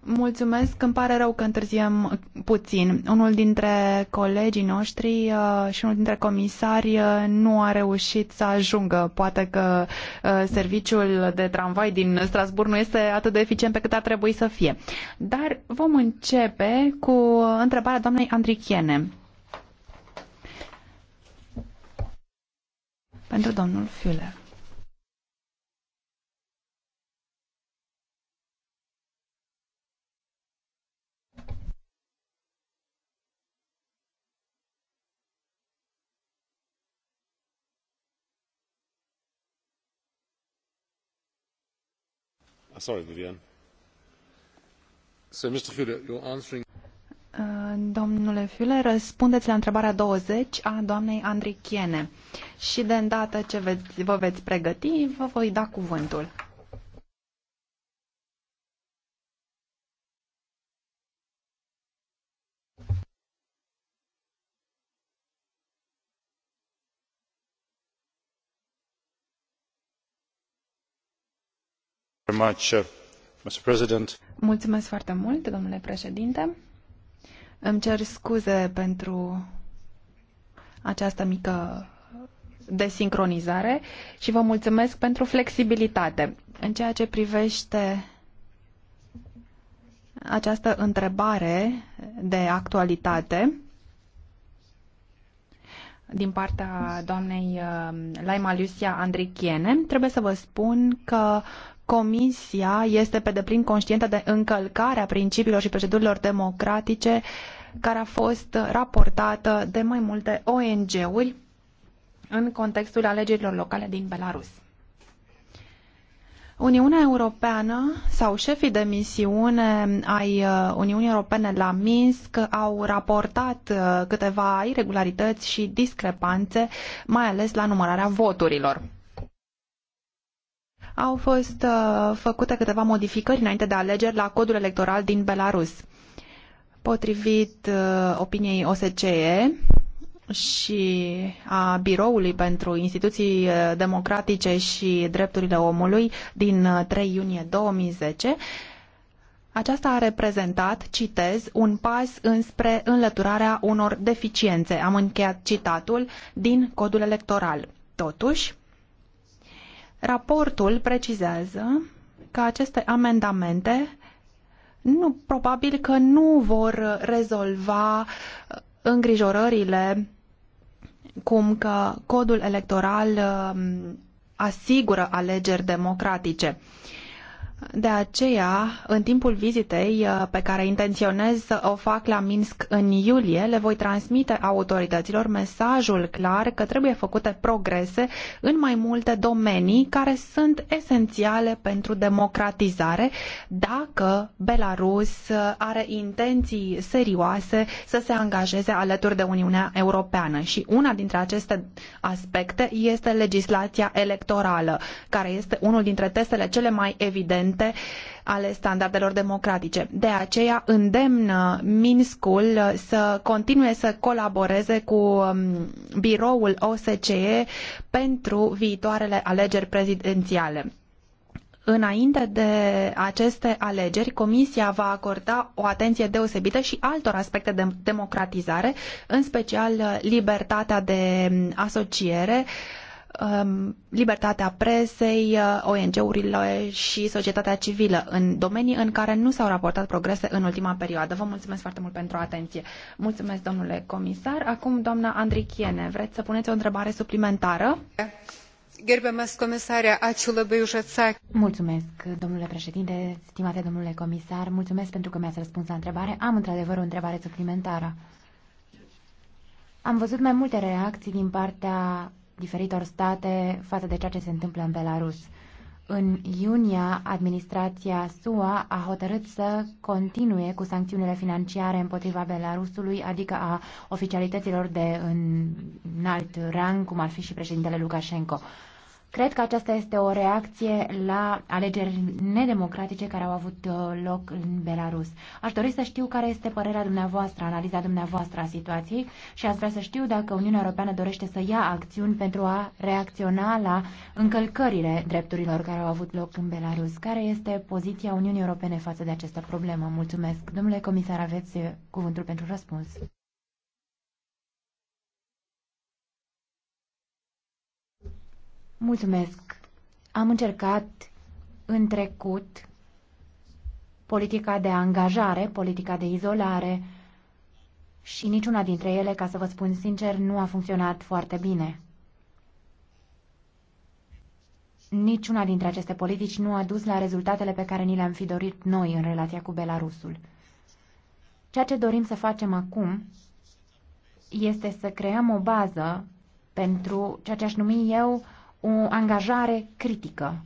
Mulțumesc, îmi pare rău că întârziem puțin. Unul dintre colegii noștri uh, și unul dintre comisari uh, nu a reușit să ajungă. Poate că uh, serviciul de tramvai din Strasbourg nu este atât de eficient pe cât ar trebui să fie. Dar vom începe cu întrebarea doamnei Andrichiene. Pentru domnul Fuller. Ah, uh, domnule Fiule, răspundeți la întrebarea 20 a doamnei andrikien și de îndată ce vă veți pregăti, vă voi da cuvântul. Uh, mulțumesc foarte mult, domnule președinte. Îmi cer scuze pentru această mică desincronizare și vă mulțumesc pentru flexibilitate. În ceea ce privește această întrebare de actualitate din partea doamnei uh, Laima Lucia Andrichiene, trebuie să vă spun că Comisia este pe deplin conștientă de încălcarea principiilor și procedurilor democratice care a fost raportată de mai multe ONG-uri în contextul alegerilor locale din Belarus. Uniunea Europeană sau șefii de misiune ai uh, Uniunii Europene la Minsk au raportat uh, câteva irregularități și discrepanțe, mai ales la numărarea voturilor au fost uh, făcute câteva modificări înainte de alegeri la codul electoral din Belarus. Potrivit uh, opiniei OSCE și a Biroului pentru Instituții uh, Democratice și Drepturile Omului din 3 iunie 2010, aceasta a reprezentat, citez, un pas înspre înlăturarea unor deficiențe, am încheiat citatul, din codul electoral. Totuși, Raportul precizează că aceste amendamente nu, probabil că nu vor rezolva uh, îngrijorările cum că codul electoral um, asigură alegeri democratice. Uh, de aceea, în timpul vizitei uh, pe care intenționez să o fac la Minsk în iulie, le voi transmite autorităților mesajul clar că trebuie făcute progrese în mai multe domenii care sunt esențiale pentru democratizare dacă Belarus uh, are intenții serioase să se angajeze alături de Uniunea Europeană. Și una dintre aceste aspecte este legislația electorală, care este unul dintre testele cele mai evidente eficiente ale standardelor democratice. De aceea îndemnă uh, Minskul uh, să continue să colaboreze cu um, biroul OSCE pentru viitoarele alegeri prezidențiale. Înainte de aceste alegeri, Comisia va acorda o atenție deosebită și altor aspecte de democratizare, în special uh, libertatea de mm, asociere, Um, libertatea presei, uh, ONG-urile și societatea civilă în domenii în care nu s-au raportat progrese în ultima perioadă. Vă mulțumesc foarte mult pentru atenție. Mulțumesc, domnule comisar. Acum, doamna Andrichiene, vreți să puneți o întrebare suplimentară? Gerbiamas comisare, ačiū labai už Mulțumesc, domnule președinte, stimate domnule comisar, mulțumesc pentru că mi-ați răspuns la întrebare. Am într-adevăr o întrebare suplimentară. Am văzut mai multe reacții din partea diferitor state față de ceea ce se întâmplă în Belarus. În iunie, administrația SUA a hotărât să continue cu sancțiunile financiare împotriva Belarusului, adică a oficialităților de înalt rang, cum ar fi și președintele Lukashenko. Cred că aceasta este o reacție la alegeri nedemocratice care au avut uh, loc în Belarus. Aș dori să știu care este părerea dumneavoastră, analiza dumneavoastră a situației și aș vrea să știu dacă Uniunea Europeană dorește să ia acțiuni pentru a reacționa la încălcările drepturilor care au avut loc în Belarus. Care este poziția Uniunii Europene față de această problemă? Mulțumesc. Domnule comisar, aveți uh, cuvântul pentru răspuns. Mulțumesc. Am încercat în trecut politica de angajare, politica de izolare și niciuna dintre ele, ca să vă spun sincer, nu a funcționat foarte bine. Niciuna dintre aceste politici nu a dus la rezultatele pe care ni le-am fi dorit noi în relația cu Belarusul. Ceea ce dorim să facem acum este să creăm o bază pentru ceea ce aș numi eu o angajare critică.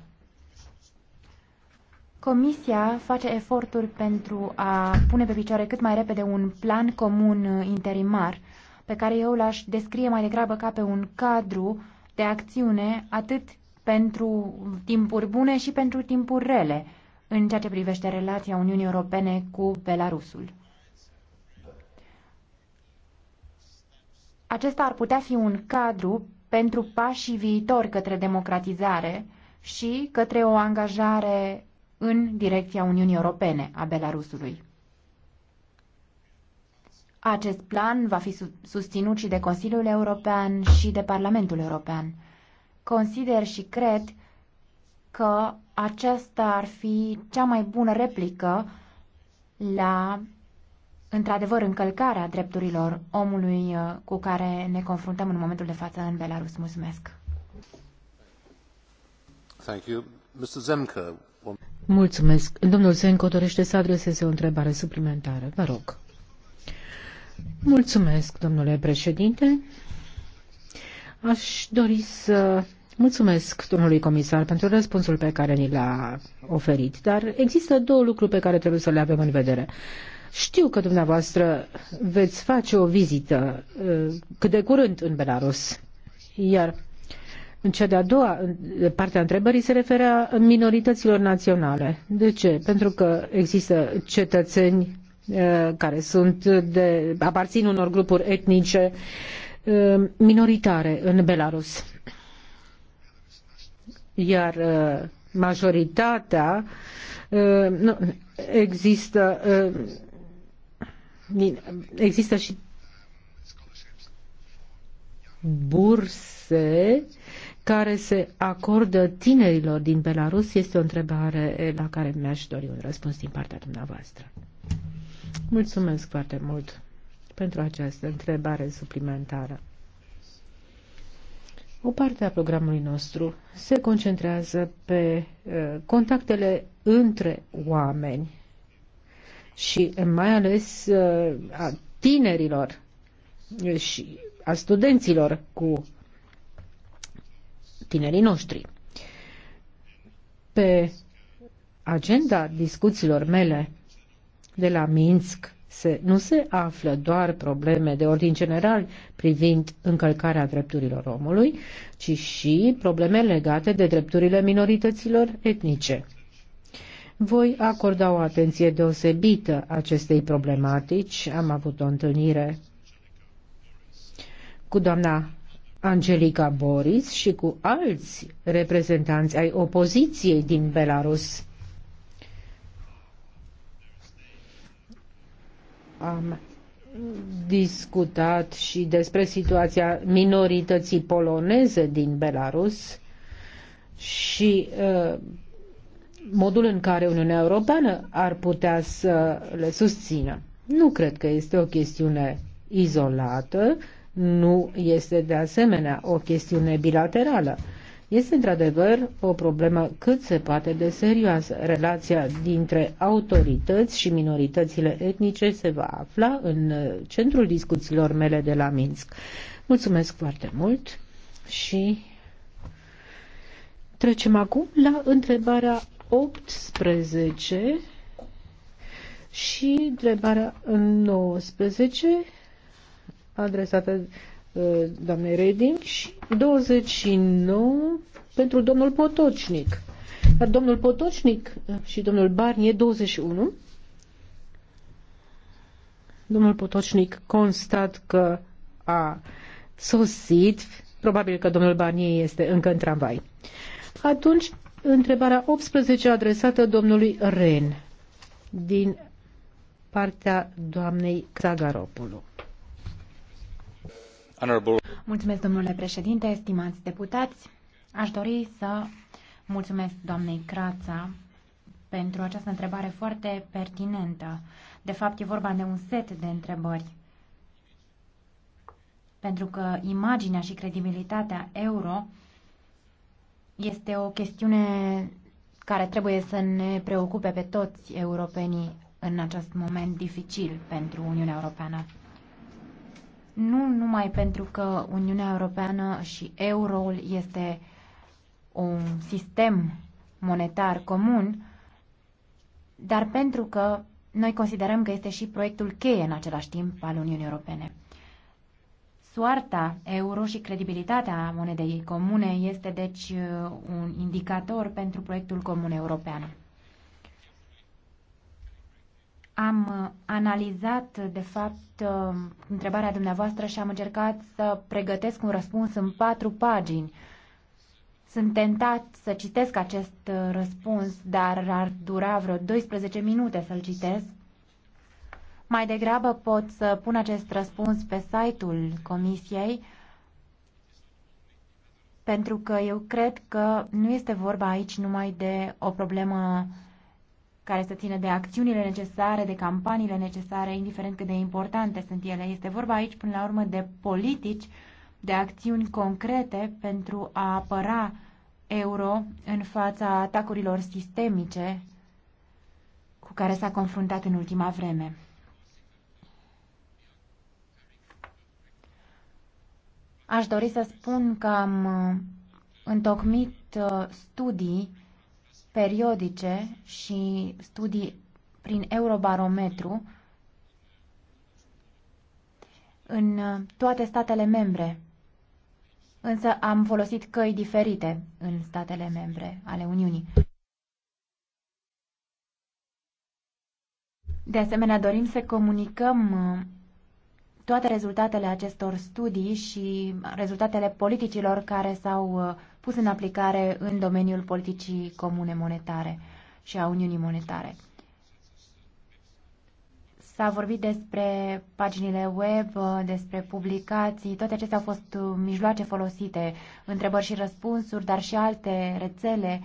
Comisia face eforturi pentru a pune pe picioare cât mai repede un plan comun interimar, pe care eu l-aș descrie mai degrabă ca pe un cadru de acțiune atât pentru timpuri bune și pentru timpuri rele în ceea ce privește relația Uniunii Europene cu Belarusul. Acesta ar putea fi un cadru pentru pașii viitori către democratizare și către o angajare în direcția Uniunii Europene a Belarusului. Acest plan va fi susținut și de Consiliul European și de Parlamentul European. Consider și cred că aceasta ar fi cea mai bună replică la într-adevăr încălcarea drepturilor omului uh, cu care ne confruntăm în momentul de față în Belarus. Mulțumesc! Thank you. Mr. Zemke. Mulțumesc. Domnul Zemco dorește să adreseze o întrebare suplimentară. Vă rog. Mulțumesc, domnule președinte. Aș dori să mulțumesc domnului comisar pentru răspunsul pe care ni l-a oferit, dar există două lucruri pe care trebuie să le avem în vedere. Știu că dumneavoastră veți face o vizită uh, cât de curând în Belarus, iar în cea de-a doua parte a întrebării se referea minorităților naționale. De ce? Pentru că există cetățeni uh, care sunt de, aparțin unor grupuri etnice uh, minoritare în Belarus. Iar majoritatea nu, există Există și burse care se acordă tinerilor din Belarus? Este o întrebare la care mi-aș dori un răspuns din partea dumneavoastră. Mulțumesc foarte mult pentru această întrebare suplimentară. O parte a programului nostru se concentrează pe uh, contactele între oameni și mai ales uh, a tinerilor uh, și a studenților cu tinerii noștri. Pe agenda discuțiilor mele de la Minsk se, nu se află doar probleme de ordin general privind încălcarea drepturilor omului, ci și probleme legate de drepturile minorităților etnice. Voi acorda o atenție deosebită acestei problematici. Am avut o întâlnire cu doamna Angelica Boris și cu alți reprezentanți ai opoziției din Belarus. Am discutat și despre situația minorității poloneze din Belarus și uh, modul în care Uniunea Europeană ar putea să le susțină. Nu cred că este o chestiune izolată, nu este de asemenea o chestiune bilaterală. Este într-adevăr o problemă cât se poate de serioasă. Relația dintre autorități și minoritățile etnice se va afla în centrul discuțiilor mele de la Minsk. Mulțumesc foarte mult și trecem acum la întrebarea 18 și întrebarea 19 adresată uh, doamnei Reding și 29 pentru domnul Potocnic. Dar domnul Potocnic și domnul Barnie 21. Domnul Potocnic constat că a sosit, probabil că domnul Barnie este încă în tramvai. Atunci Întrebarea 18 adresată domnului Ren din partea doamnei Zagaropulu. Mulțumesc, domnule președinte, estimați deputați. Aș dori să mulțumesc doamnei Crața pentru această întrebare foarte pertinentă. De fapt, e vorba de un set de întrebări. Pentru că imaginea și credibilitatea euro este o chestiune care trebuie să ne preocupe pe toți europenii în acest moment dificil pentru Uniunea Europeană. Nu numai pentru că Uniunea Europeană și euroul este un sistem monetar comun, dar pentru că noi considerăm că este și proiectul cheie în același timp al Uniunii Europene. Soarta euro și credibilitatea monedei comune este deci un indicator pentru proiectul comun european. Am analizat, de fapt, întrebarea dumneavoastră și am încercat să pregătesc un răspuns în patru pagini. Sunt tentat să citesc acest răspuns, dar ar dura vreo 12 minute să-l citesc mai degrabă pot să pun acest răspuns pe site-ul Comisiei, pentru că eu cred că nu este vorba aici numai de o problemă care să țină de acțiunile necesare, de campaniile necesare, indiferent cât de importante sunt ele. Este vorba aici, până la urmă, de politici, de acțiuni concrete pentru a apăra euro în fața atacurilor sistemice cu care s-a confruntat în ultima vreme. Aș dori să spun că am uh, întocmit uh, studii periodice și studii prin Eurobarometru în uh, toate statele membre. Însă am folosit căi diferite în statele membre ale Uniunii. De asemenea, dorim să comunicăm toate rezultatele acestor studii și rezultatele politicilor care s-au uh, pus în aplicare în domeniul politicii comune monetare și a Uniunii Monetare. S-a vorbit despre paginile web, uh, despre publicații, toate acestea au fost uh, mijloace folosite, întrebări și răspunsuri, dar și alte rețele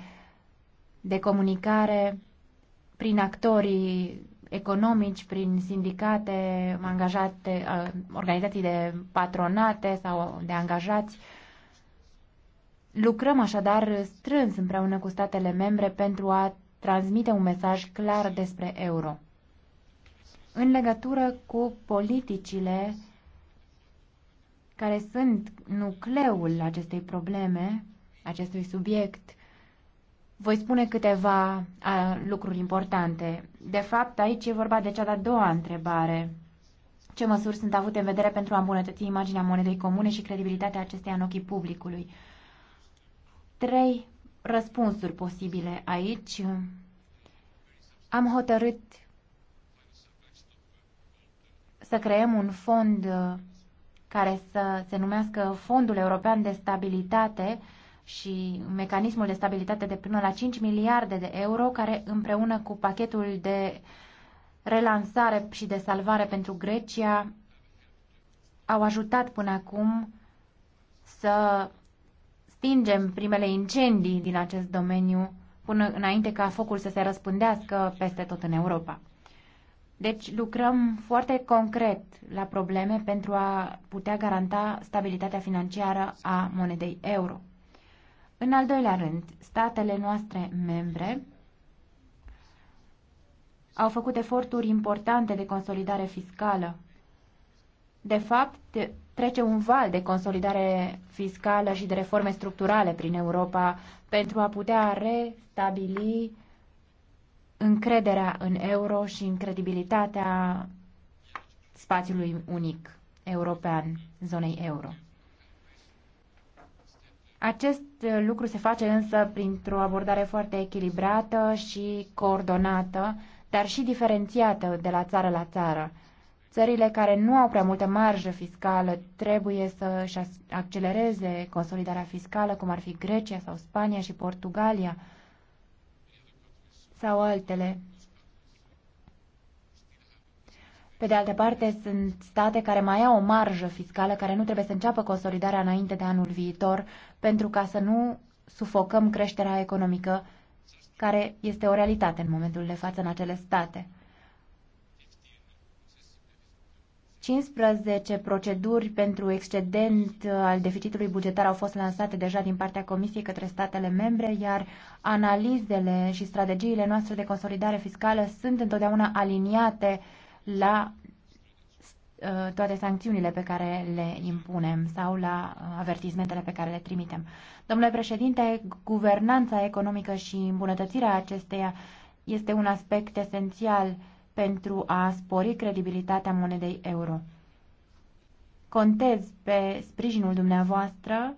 de comunicare prin actorii economici prin sindicate, angajate, uh, organizații de patronate sau de angajați. Lucrăm așadar strâns împreună cu statele membre pentru a transmite un mesaj clar despre euro. În legătură cu politicile care sunt nucleul acestei probleme, acestui subiect, voi spune câteva uh, lucruri importante. De fapt, aici e vorba de cea de-a doua întrebare. Ce măsuri sunt avute în vedere pentru a îmbunătăți imaginea monedei comune și credibilitatea acesteia în ochii publicului? Trei răspunsuri posibile aici. Am hotărât să creăm un fond care să se numească Fondul European de Stabilitate, și mecanismul de stabilitate de până la 5 miliarde de euro, care împreună cu pachetul de relansare și de salvare pentru Grecia au ajutat până acum să stingem primele incendii din acest domeniu până înainte ca focul să se răspândească peste tot în Europa. Deci lucrăm foarte concret la probleme pentru a putea garanta stabilitatea financiară a monedei euro. În al doilea rând, statele noastre membre au făcut eforturi importante de consolidare fiscală. De fapt, trece un val de consolidare fiscală și de reforme structurale prin Europa pentru a putea restabili încrederea în euro și în credibilitatea spațiului unic european, zonei euro. Acest uh, lucru se face însă printr-o abordare foarte echilibrată și coordonată, dar și diferențiată de la țară la țară. Țările care nu au prea multă marjă fiscală trebuie să-și accelereze consolidarea fiscală, cum ar fi Grecia sau Spania și Portugalia sau altele. Pe de altă parte, sunt state care mai au o marjă fiscală care nu trebuie să înceapă consolidarea înainte de anul viitor pentru ca să nu sufocăm creșterea economică care este o realitate în momentul de față în acele state. 15 proceduri pentru excedent al deficitului bugetar au fost lansate deja din partea Comisiei către statele membre, iar analizele și strategiile noastre de consolidare fiscală sunt întotdeauna aliniate la uh, toate sancțiunile pe care le impunem sau la uh, avertizmentele pe care le trimitem. Domnule președinte, guvernanța economică și îmbunătățirea acesteia este un aspect esențial pentru a spori credibilitatea monedei euro. Contez pe sprijinul dumneavoastră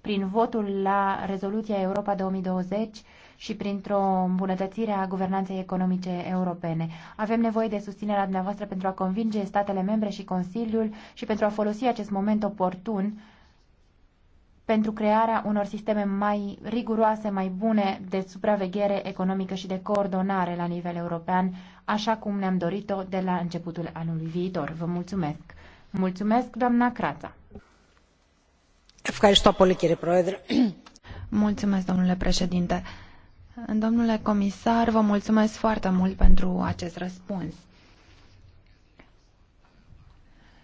prin votul la rezoluția Europa 2020 și printr-o îmbunătățire a guvernanței economice europene. Avem nevoie de susținerea dumneavoastră pentru a convinge statele membre și Consiliul și pentru a folosi acest moment oportun pentru crearea unor sisteme mai riguroase, mai bune de supraveghere economică și de coordonare la nivel european, așa cum ne-am dorit-o de la începutul anului viitor. Vă mulțumesc! Mulțumesc, doamna Crața! Mulțumesc, domnule președinte! Domnule comisar, vă mulțumesc foarte mult pentru acest răspuns.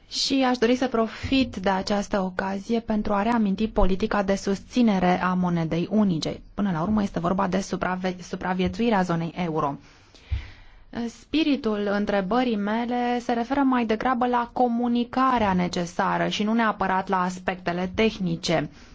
Și aș dori să profit de această ocazie pentru a reaminti politica de susținere a monedei unice. Până la urmă este vorba de supraviețuirea zonei euro. Spiritul întrebării mele se referă mai degrabă la comunicarea necesară și nu neapărat la aspectele tehnice. Uh,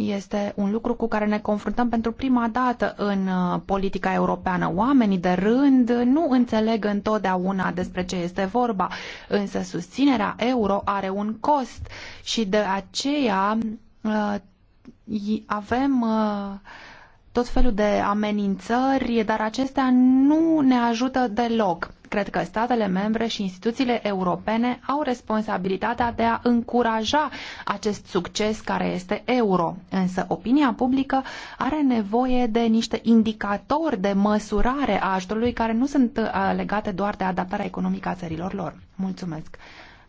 este un lucru cu care ne confruntăm pentru prima dată în uh, politica europeană. Oamenii de rând nu înțeleg întotdeauna despre ce este vorba, însă susținerea euro are un cost și de aceea uh, avem uh, tot felul de amenințări, dar acestea nu ne ajută deloc. Cred că statele membre și instituțiile europene au responsabilitatea de a încuraja acest succes care este euro. Însă opinia publică are nevoie de niște indicatori de măsurare a ajutorului care nu sunt uh, legate doar de adaptarea economică a țărilor lor. Mulțumesc.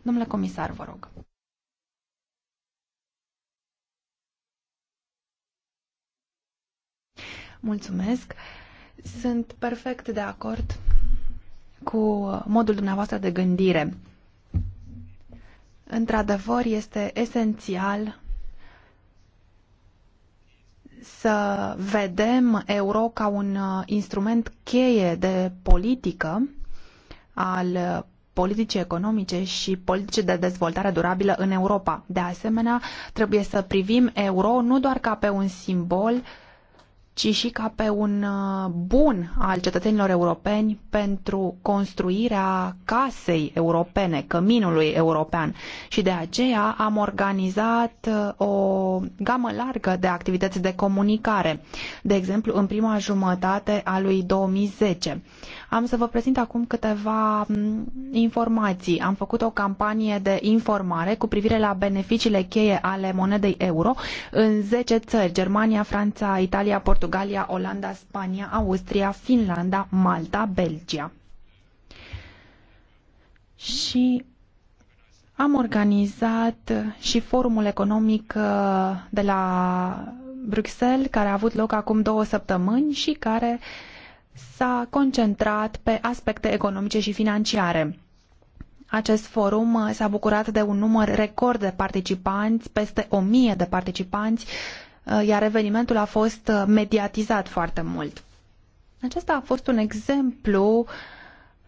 Domnule comisar, vă rog. Mulțumesc. Sunt perfect de acord cu modul dumneavoastră de gândire. Într-adevăr, este esențial să vedem euro ca un uh, instrument cheie de politică al politicii economice și politice de dezvoltare durabilă în Europa. De asemenea, trebuie să privim euro nu doar ca pe un simbol uh, ci și ca pe un uh, bun al cetățenilor europeni pentru construirea casei europene, căminului european. Și de aceea am organizat uh, o gamă largă de activități de comunicare, de exemplu în prima jumătate a lui 2010. Am să vă prezint acum câteva informații. Am făcut o campanie de informare cu privire la beneficiile cheie ale monedei euro în 10 țări, Germania, Franța, Italia, Portugalia, Olanda, Spania, Austria, Finlanda, Malta, Belgia. Și am organizat și forumul economic uh, de la Bruxelles, care a avut loc acum două săptămâni și care uh, s-a concentrat pe aspecte economice și financiare. Acest forum uh, s-a bucurat de un număr record de participanți, peste o mie de participanți, uh, iar evenimentul a fost uh, mediatizat foarte mult. Acesta a fost un exemplu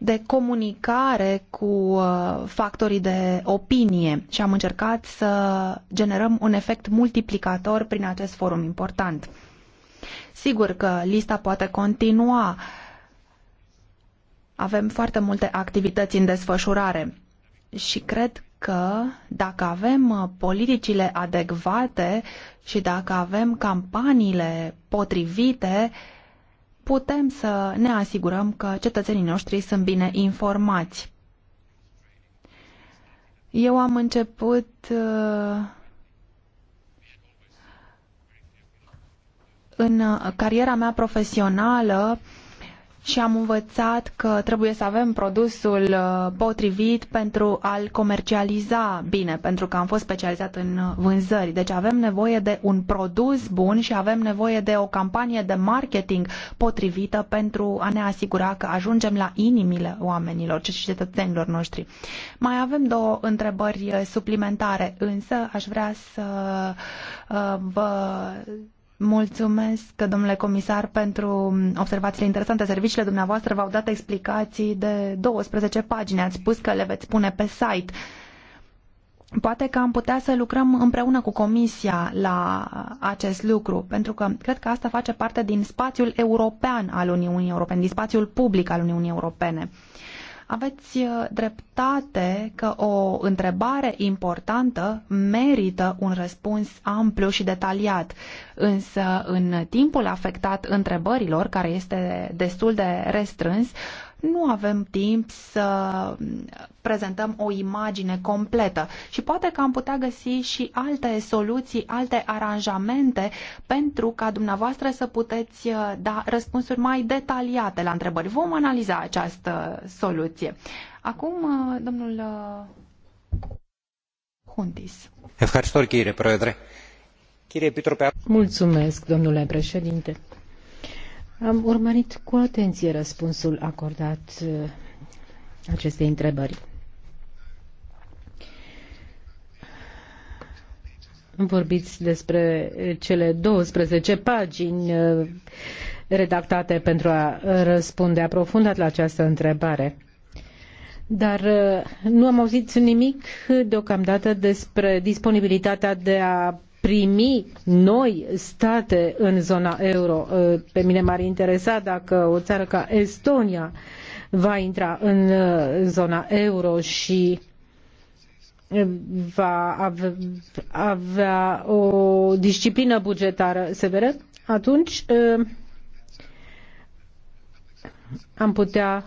de comunicare cu factorii de opinie și am încercat să generăm un efect multiplicator prin acest forum important. Sigur că lista poate continua. Avem foarte multe activități în desfășurare și cred că dacă avem uh, politicile adecvate și dacă avem campaniile potrivite, putem să ne asigurăm că cetățenii noștri sunt bine informați. Eu am început uh, În cariera mea profesională și am învățat că trebuie să avem produsul uh, potrivit pentru a-l comercializa bine, pentru că am fost specializat în uh, vânzări. Deci avem nevoie de un produs bun și avem nevoie de o campanie de marketing potrivită pentru a ne asigura că ajungem la inimile oamenilor și cetățenilor noștri. Mai avem două întrebări uh, suplimentare, însă aș vrea să vă Mulțumesc, domnule comisar, pentru observațiile interesante. Serviciile dumneavoastră v-au dat explicații de 12 pagini. Ați spus că le veți pune pe site. Poate că am putea să lucrăm împreună cu Comisia la acest lucru, pentru că cred că asta face parte din spațiul european al Uniunii Europene, din spațiul public al Uniunii Europene. Uh, aveți uh, dreptate că o întrebare importantă merită un răspuns amplu și detaliat, însă în timpul afectat întrebărilor, care este destul de restrâns, nu avem timp să prezentăm o imagine completă și poate că am putea găsi și alte soluții, alte aranjamente pentru ca dumneavoastră să puteți uh, da răspunsuri mai detaliate la întrebări. Vom analiza această soluție. Acum, uh, domnul uh, Huntis. Mulțumesc, domnule președinte am urmărit cu atenție răspunsul acordat uh, acestei întrebări. Vorbiți despre cele 12 pagini uh, redactate pentru a răspunde aprofundat la această întrebare. Dar uh, nu am auzit nimic deocamdată despre disponibilitatea de a primi noi state în zona euro. Ă, pe mine m-ar interesa dacă o țară ca Estonia va intra în ă, zona euro și ă, va avea o disciplină bugetară severă, atunci am putea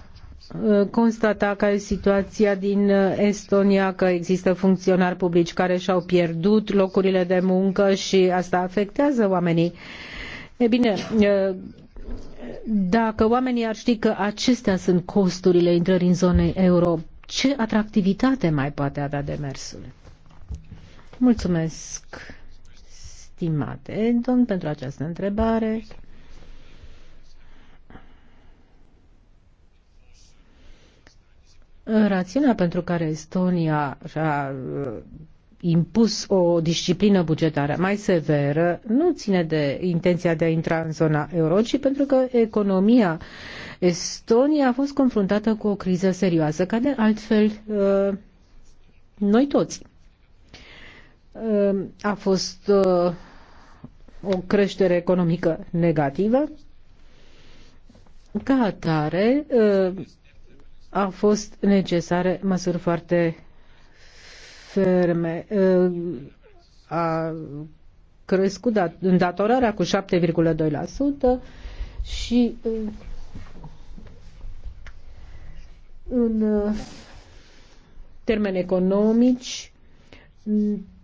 Uh, constata care e situația din uh, Estonia, că există funcționari publici care și-au pierdut locurile de muncă și asta afectează oamenii. E bine, uh, dacă oamenii ar ști că acestea sunt costurile intrării în zonei euro, ce atractivitate mai poate avea demersul? Mulțumesc, stimate Edon, pentru această întrebare. Rațiunea pentru care Estonia și-a uh, impus o disciplină bugetară mai severă nu ține de intenția de a intra în zona euro, ci pentru că economia Estonia a fost confruntată cu o criză serioasă, ca de altfel uh, noi toți. Uh, a fost o creștere economică negativă. Ca atare, a fost necesare măsuri foarte ferme. Uh, a crescut îndatorarea cu 7,2% și uh, în uh, termeni economici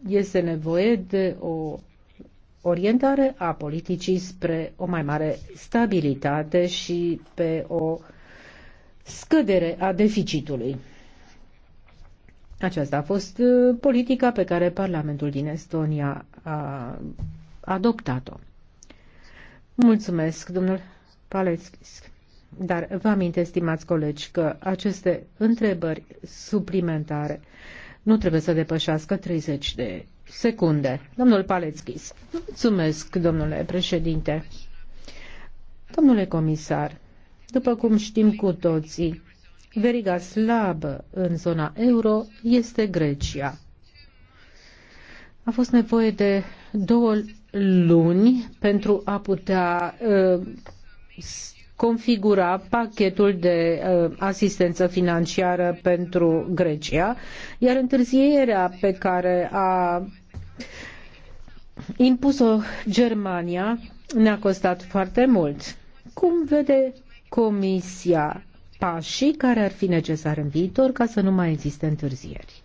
este nevoie de o orientare a politicii spre o mai mare stabilitate și pe o scădere a deficitului. Aceasta a fost uh, politica pe care Parlamentul din Estonia a adoptat-o. Mulțumesc, domnul Paleschis. Dar vă aminte, stimați colegi, că aceste întrebări suplimentare nu trebuie să depășească 30 de secunde. Domnul Paleschis. Mulțumesc, domnule președinte. Domnule comisar, după cum știm cu toții, veriga slabă în zona euro este Grecia. A fost nevoie de două luni pentru a putea uh, configura pachetul de uh, asistență financiară pentru Grecia, iar întârzierea pe care a impus-o Germania ne-a costat foarte mult. Cum vede Comisia pașii care ar fi necesar în viitor ca să nu mai existe întârzieri.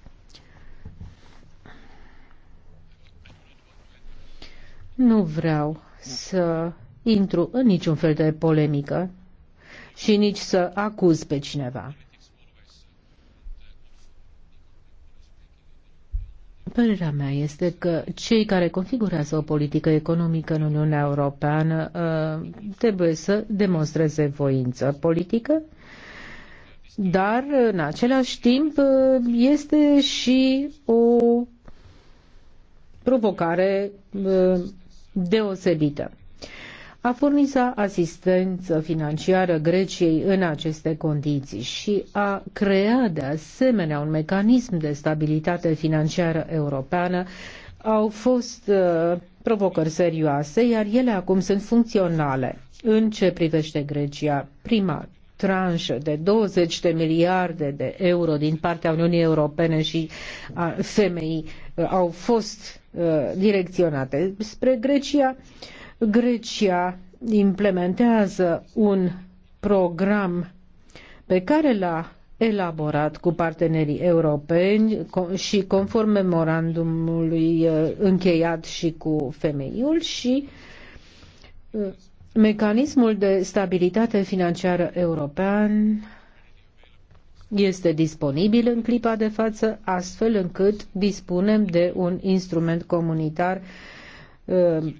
Nu vreau să intru în niciun fel de polemică și nici să acuz pe cineva. Părerea mea este că cei care configurează o politică economică în Uniunea Europeană uh, trebuie să demonstreze voință politică, dar în același timp uh, este și o provocare uh, deosebită a furniza asistență financiară Greciei în aceste condiții și a crea de asemenea un mecanism de stabilitate financiară europeană au fost uh, provocări serioase, iar ele acum sunt funcționale. În ce privește Grecia, prima tranșă de 20 de miliarde de euro din partea Uniunii Europene și a femeii uh, au fost uh, direcționate spre Grecia. Uh, Grecia implementează un program pe care l-a elaborat cu partenerii europeni și conform memorandumului uh, încheiat și cu femeiul și uh, mecanismul de stabilitate financiară european este disponibil în clipa de față, astfel încât dispunem de un instrument comunitar uh,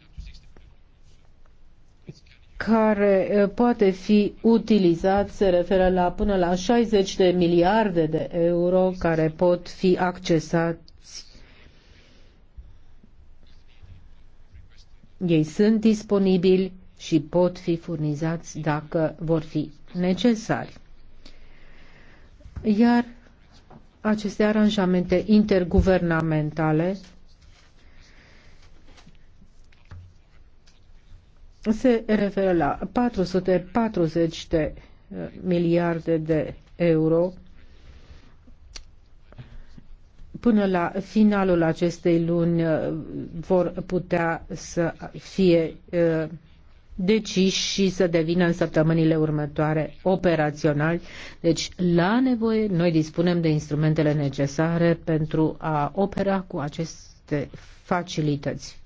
care poate fi utilizat se referă la până la 60 de miliarde de euro care pot fi accesați. Ei sunt disponibili și pot fi furnizați dacă vor fi necesari. Iar aceste aranjamente interguvernamentale se referă la 440 de uh, miliarde de euro până la finalul acestei luni uh, vor putea să fie uh, deciși și să devină în săptămânile următoare operaționali. Deci, la nevoie, noi dispunem de instrumentele necesare pentru a opera cu aceste facilități.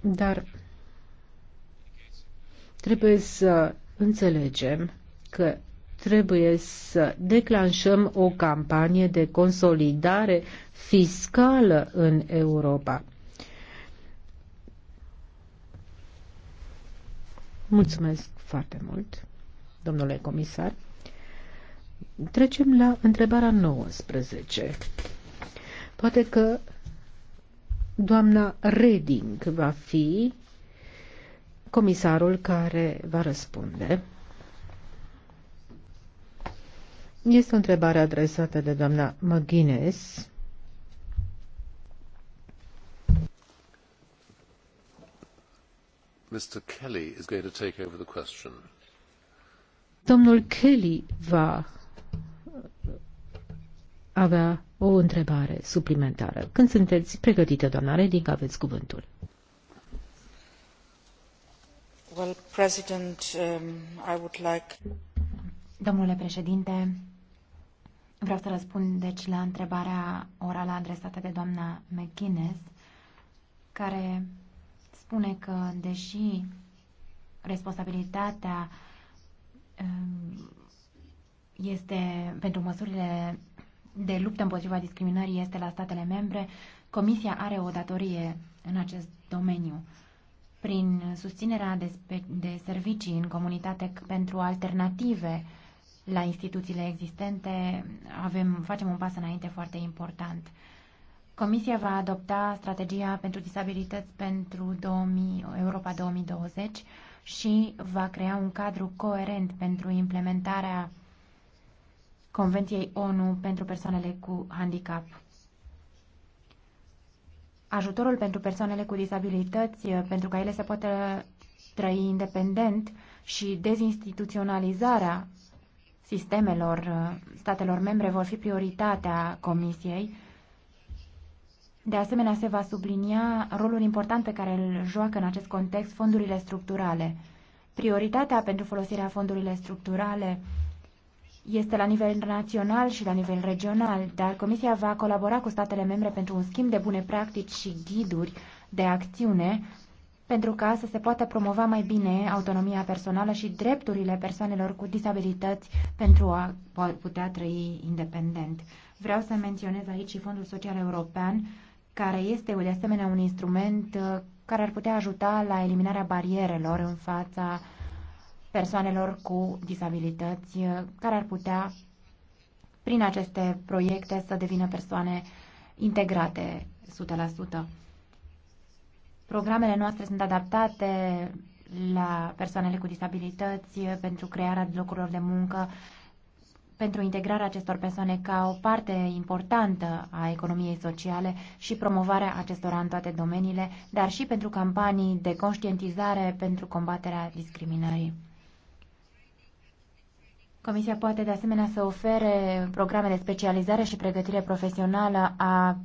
Dar trebuie să înțelegem că trebuie să declanșăm o campanie de consolidare fiscală în Europa. Mulțumesc foarte mult, domnule comisar. Trecem la întrebarea 19. Poate că Doamna Reding va fi comisarul care va răspunde. Este o întrebare adresată de doamna McGuinness. Mr. Kelly is going to take over the question. Domnul Kelly va avea o întrebare suplimentară. Când sunteți pregătită, doamna Reding, aveți cuvântul. Well, President, um, I would like... Domnule președinte, vreau să răspund deci la întrebarea orală adresată de doamna McGuinness, care spune că, deși responsabilitatea um, este pentru măsurile de luptă împotriva discriminării este la statele membre, Comisia are o datorie în acest domeniu. Prin susținerea de, de servicii în comunitate pentru alternative la instituțiile existente, avem, facem un pas înainte foarte important. Comisia va adopta strategia pentru disabilități pentru 2000, Europa 2020 și va crea un cadru coerent pentru implementarea Convenției ONU pentru persoanele cu handicap. Ajutorul pentru persoanele cu dizabilități, eh, pentru ca ele să poată trăi independent și dezinstituționalizarea sistemelor eh, statelor membre vor fi prioritatea Comisiei. De asemenea, se va sublinia rolul important pe care îl joacă în acest context fondurile structurale. Prioritatea pentru folosirea fondurilor structurale este la nivel național și la nivel regional, dar Comisia va colabora cu statele membre pentru un schimb de bune practici și ghiduri de acțiune pentru ca să se poată promova mai bine autonomia personală și drepturile persoanelor cu disabilități pentru a putea trăi independent. Vreau să menționez aici și Fondul Social European, care este de asemenea un instrument uh, care ar putea ajuta la eliminarea barierelor în fața uh, persoanelor cu disabilități uh, care ar putea, prin aceste proiecte, să devină persoane integrate 100%. Programele noastre sunt adaptate la persoanele cu disabilități uh, pentru crearea locurilor de muncă, pentru integrarea acestor persoane ca o parte importantă a economiei sociale și promovarea acestora în toate domeniile, dar și pentru campanii de conștientizare pentru combaterea discriminării. Comisia poate de asemenea să ofere programe de specializare și pregătire profesională a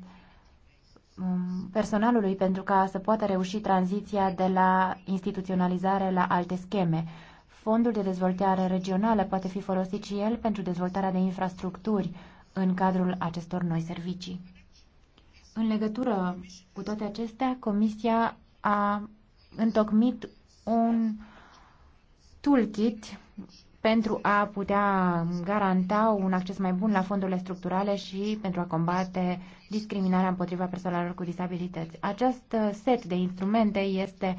um, personalului pentru ca să poată reuși tranziția de la instituționalizare la alte scheme. Fondul de dezvoltare regională poate fi folosit și el pentru dezvoltarea de infrastructuri în cadrul acestor noi servicii. În legătură cu toate acestea, Comisia a întocmit un toolkit pentru a putea garanta un acces mai bun la fondurile structurale și pentru a combate discriminarea împotriva persoanelor cu disabilități. Acest set de instrumente este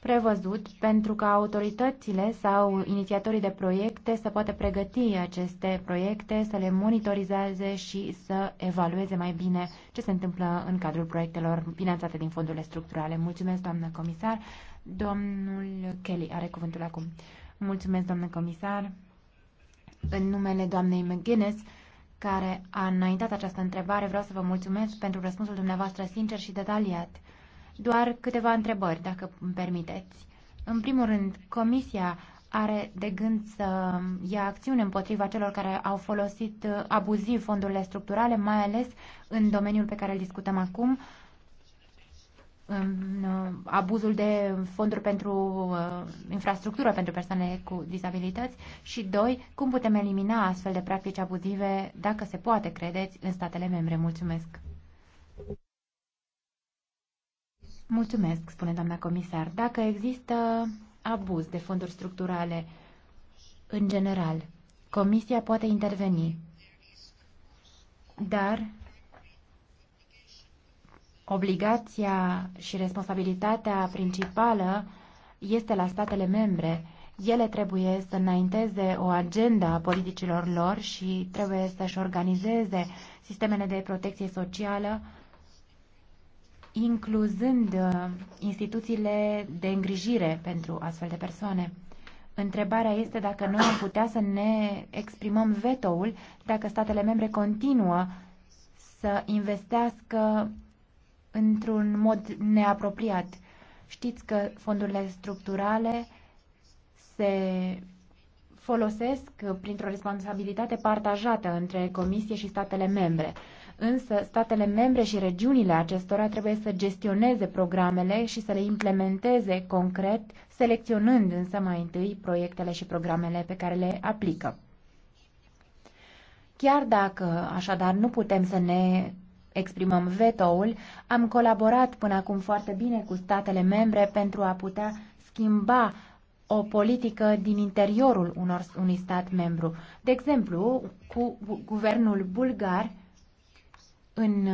prevăzut pentru ca autoritățile sau inițiatorii de proiecte să poată pregăti aceste proiecte, să le monitorizeze și să evalueze mai bine ce se întâmplă în cadrul proiectelor finanțate din fondurile structurale. Mulțumesc, doamnă comisar. Domnul Kelly are cuvântul acum. Mulțumesc, domnule comisar. În numele doamnei McGuinness, care a înaintat această întrebare, vreau să vă mulțumesc pentru răspunsul dumneavoastră sincer și detaliat. Doar câteva întrebări, dacă îmi permiteți. În primul rând, Comisia are de gând să ia acțiune împotriva celor care au folosit abuziv fondurile structurale, mai ales în domeniul pe care îl discutăm acum, Uh, abuzul de fonduri pentru uh, infrastructură pentru persoane cu dizabilități și, doi, cum putem elimina astfel de practici abuzive, dacă se poate, credeți, în statele membre. Mulțumesc! Mulțumesc, spune doamna comisar. Dacă există abuz de fonduri structurale, în general, Comisia poate interveni, dar Obligația și responsabilitatea principală este la statele membre. Ele trebuie să înainteze o agenda a politicilor lor și trebuie să-și organizeze sistemele de protecție socială, incluzând uh, instituțiile de îngrijire pentru astfel de persoane. Întrebarea este dacă noi am putea să ne exprimăm vetoul dacă statele membre continuă să investească într-un mod neapropiat. Știți că fondurile structurale se folosesc printr-o responsabilitate partajată între Comisie și statele membre. Însă statele membre și regiunile acestora trebuie să gestioneze programele și să le implementeze concret, selecționând însă mai întâi proiectele și programele pe care le aplică. Chiar dacă, așadar, nu putem să ne exprimăm vetoul, am colaborat până acum foarte bine cu statele membre pentru a putea schimba o politică din interiorul unor, unui stat membru. De exemplu, cu guvernul bulgar, în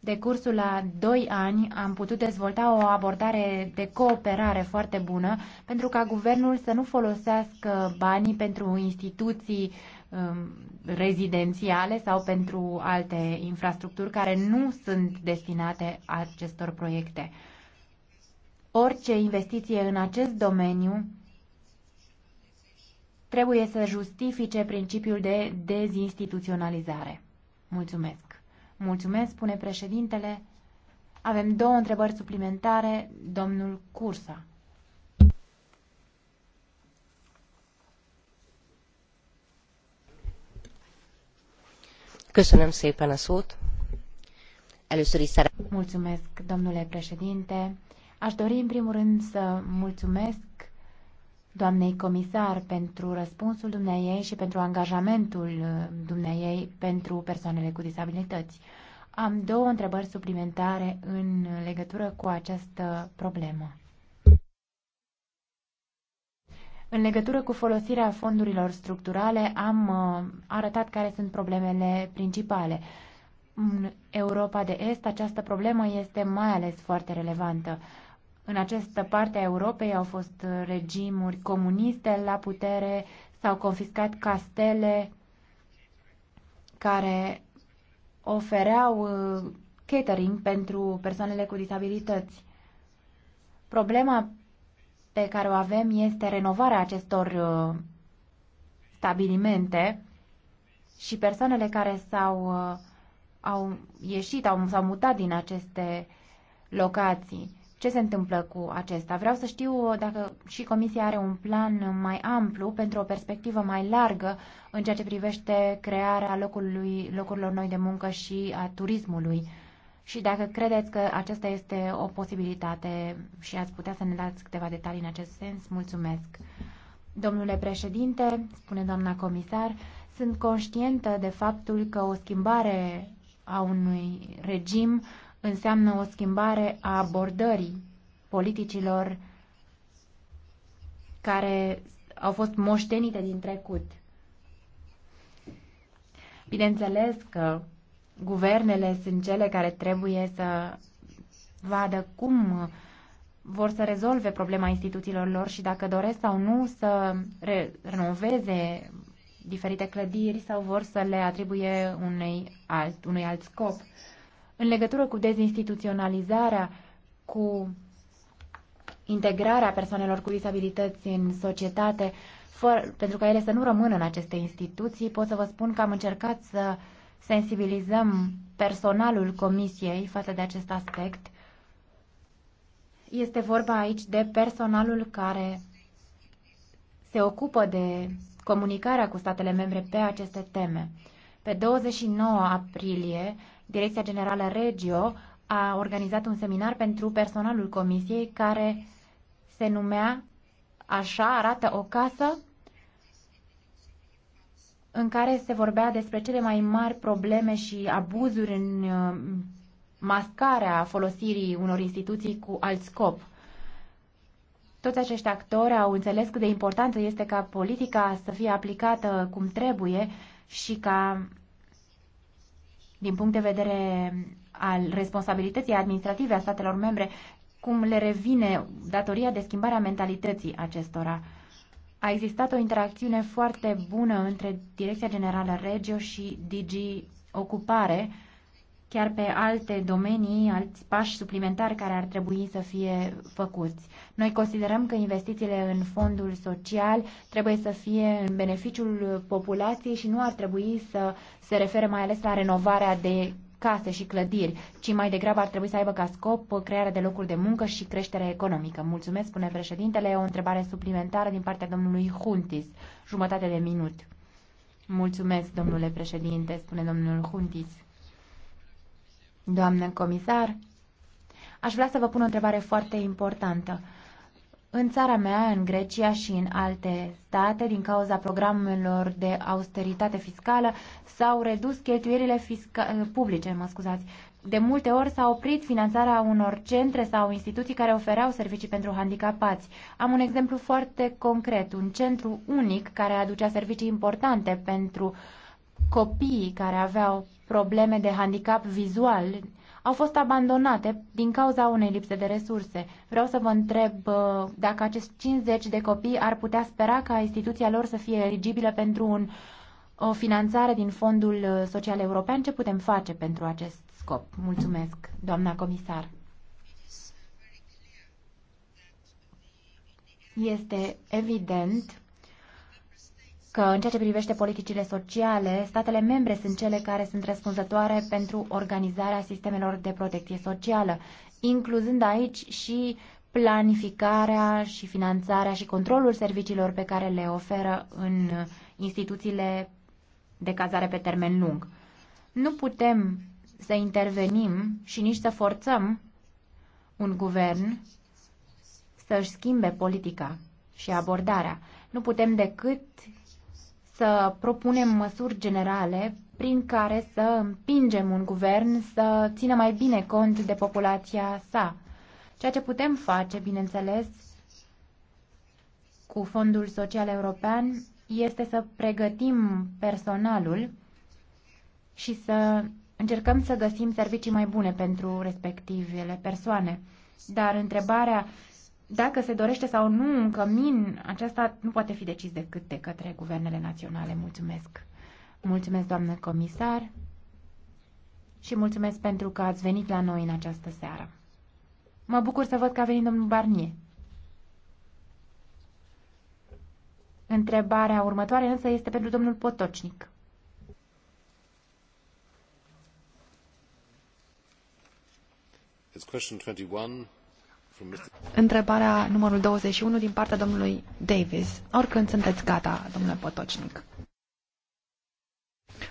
decursul a doi ani am putut dezvolta o abordare de cooperare foarte bună pentru ca guvernul să nu folosească banii pentru instituții um, rezidențiale sau pentru alte infrastructuri care nu sunt destinate acestor proiecte. Orice investiție în acest domeniu trebuie să justifice principiul de dezinstituționalizare. Mulțumesc. Mulțumesc, spune președintele. Avem două întrebări suplimentare, domnul Cursa. a Mulțumesc, domnule președinte. Aș dori în primul rând să mulțumesc doamnei comisar pentru răspunsul dumneiei și pentru angajamentul dumneiei pentru persoanele cu disabilități. Am două întrebări suplimentare în legătură cu această problemă. În legătură cu folosirea fondurilor structurale, am uh, arătat care sunt problemele principale. În Europa de Est, această problemă este mai ales foarte relevantă. În această parte a Europei au fost regimuri comuniste la putere, s-au confiscat castele care ofereau uh, catering pentru persoanele cu disabilități. Problema pe care o avem este renovarea acestor uh, stabilimente și persoanele care s-au uh, au ieșit, au, s-au mutat din aceste locații. Ce se întâmplă cu acesta? Vreau să știu dacă și Comisia are un plan mai amplu pentru o perspectivă mai largă în ceea ce privește crearea locului, locurilor noi de muncă și a turismului și dacă credeți că aceasta este o posibilitate și ați putea să ne dați câteva detalii în acest sens, mulțumesc. Domnule președinte, spune doamna comisar, sunt conștientă de faptul că o schimbare a unui regim înseamnă o schimbare a abordării politicilor care au fost moștenite din trecut. Bineînțeles că Guvernele sunt cele care trebuie să vadă cum vor să rezolve problema instituțiilor lor și dacă doresc sau nu să renoveze diferite clădiri sau vor să le atribuie unei alt, unui alt scop. În legătură cu dezinstituționalizarea, cu integrarea persoanelor cu disabilități în societate, fără, pentru ca ele să nu rămână în aceste instituții, pot să vă spun că am încercat să uh, sensibilizăm personalul Comisiei față de acest aspect. Este vorba aici de personalul care se ocupă de comunicarea cu statele membre pe aceste teme. Pe 29 aprilie, Direcția Generală Regio a organizat un seminar pentru personalul Comisiei care se numea Așa arată o casă în care se vorbea despre cele mai mari probleme și abuzuri în uh, mascarea folosirii unor instituții cu alt scop. Toți acești actori au înțeles cât de importantă este ca politica să fie aplicată cum trebuie și ca, din punct de vedere al responsabilității administrative a statelor membre, cum le revine datoria de schimbare a mentalității acestora a existat o interacțiune foarte bună între Direcția Generală Regio și DG Ocupare, chiar pe alte domenii, alți pași suplimentari care ar trebui să fie făcuți. Noi considerăm că investițiile în fondul social trebuie să fie în beneficiul populației și nu ar trebui să se refere mai ales la renovarea de case și clădiri, ci mai degrabă ar trebui să aibă ca scop crearea de locuri de muncă și creșterea economică. Mulțumesc, spune președintele. O întrebare suplimentară din partea domnului Huntis. Jumătate de minut. Mulțumesc, domnule președinte, spune domnul Huntis. Doamnă comisar, aș vrea să vă pun o întrebare foarte importantă. În țara mea, în Grecia și în alte state, din cauza programelor de austeritate fiscală, s-au redus cheltuielile publice, mă scuzați. De multe ori s-a oprit finanțarea unor centre sau instituții care ofereau servicii pentru handicapați. Am un exemplu foarte concret, un centru unic care aducea servicii importante pentru copiii care aveau probleme de handicap vizual au fost abandonate din cauza unei lipse de resurse. Vreau să vă întreb uh, dacă acest 50 de copii ar putea spera ca instituția lor să fie eligibilă pentru un, o finanțare din Fondul uh, Social European. Ce putem face pentru acest scop? Mulțumesc, doamna comisar. Este evident că în ceea ce privește politicile sociale, statele membre sunt cele care sunt răspunzătoare pentru organizarea sistemelor de protecție socială, incluzând aici și planificarea și finanțarea și controlul serviciilor pe care le oferă în instituțiile de cazare pe termen lung. Nu putem să intervenim și nici să forțăm un guvern să-și schimbe politica și abordarea. Nu putem decât să propunem măsuri generale prin care să împingem un guvern să țină mai bine cont de populația sa. Ceea ce putem face, bineînțeles, cu Fondul Social European este să pregătim personalul și să încercăm să găsim servicii mai bune pentru respectivele persoane. Dar întrebarea dacă se dorește sau nu un cămin, aceasta nu poate fi decis decât de către guvernele naționale. Mulțumesc! Mulțumesc, doamnă comisar, și mulțumesc pentru că ați venit la noi în această seară. Mă bucur să văd că a venit domnul Barnier. Întrebarea următoare însă este pentru domnul Potocnic. It's question 21. Întrebarea numărul 21 din partea domnului Davis. Oricând sunteți gata, domnule Potocnic.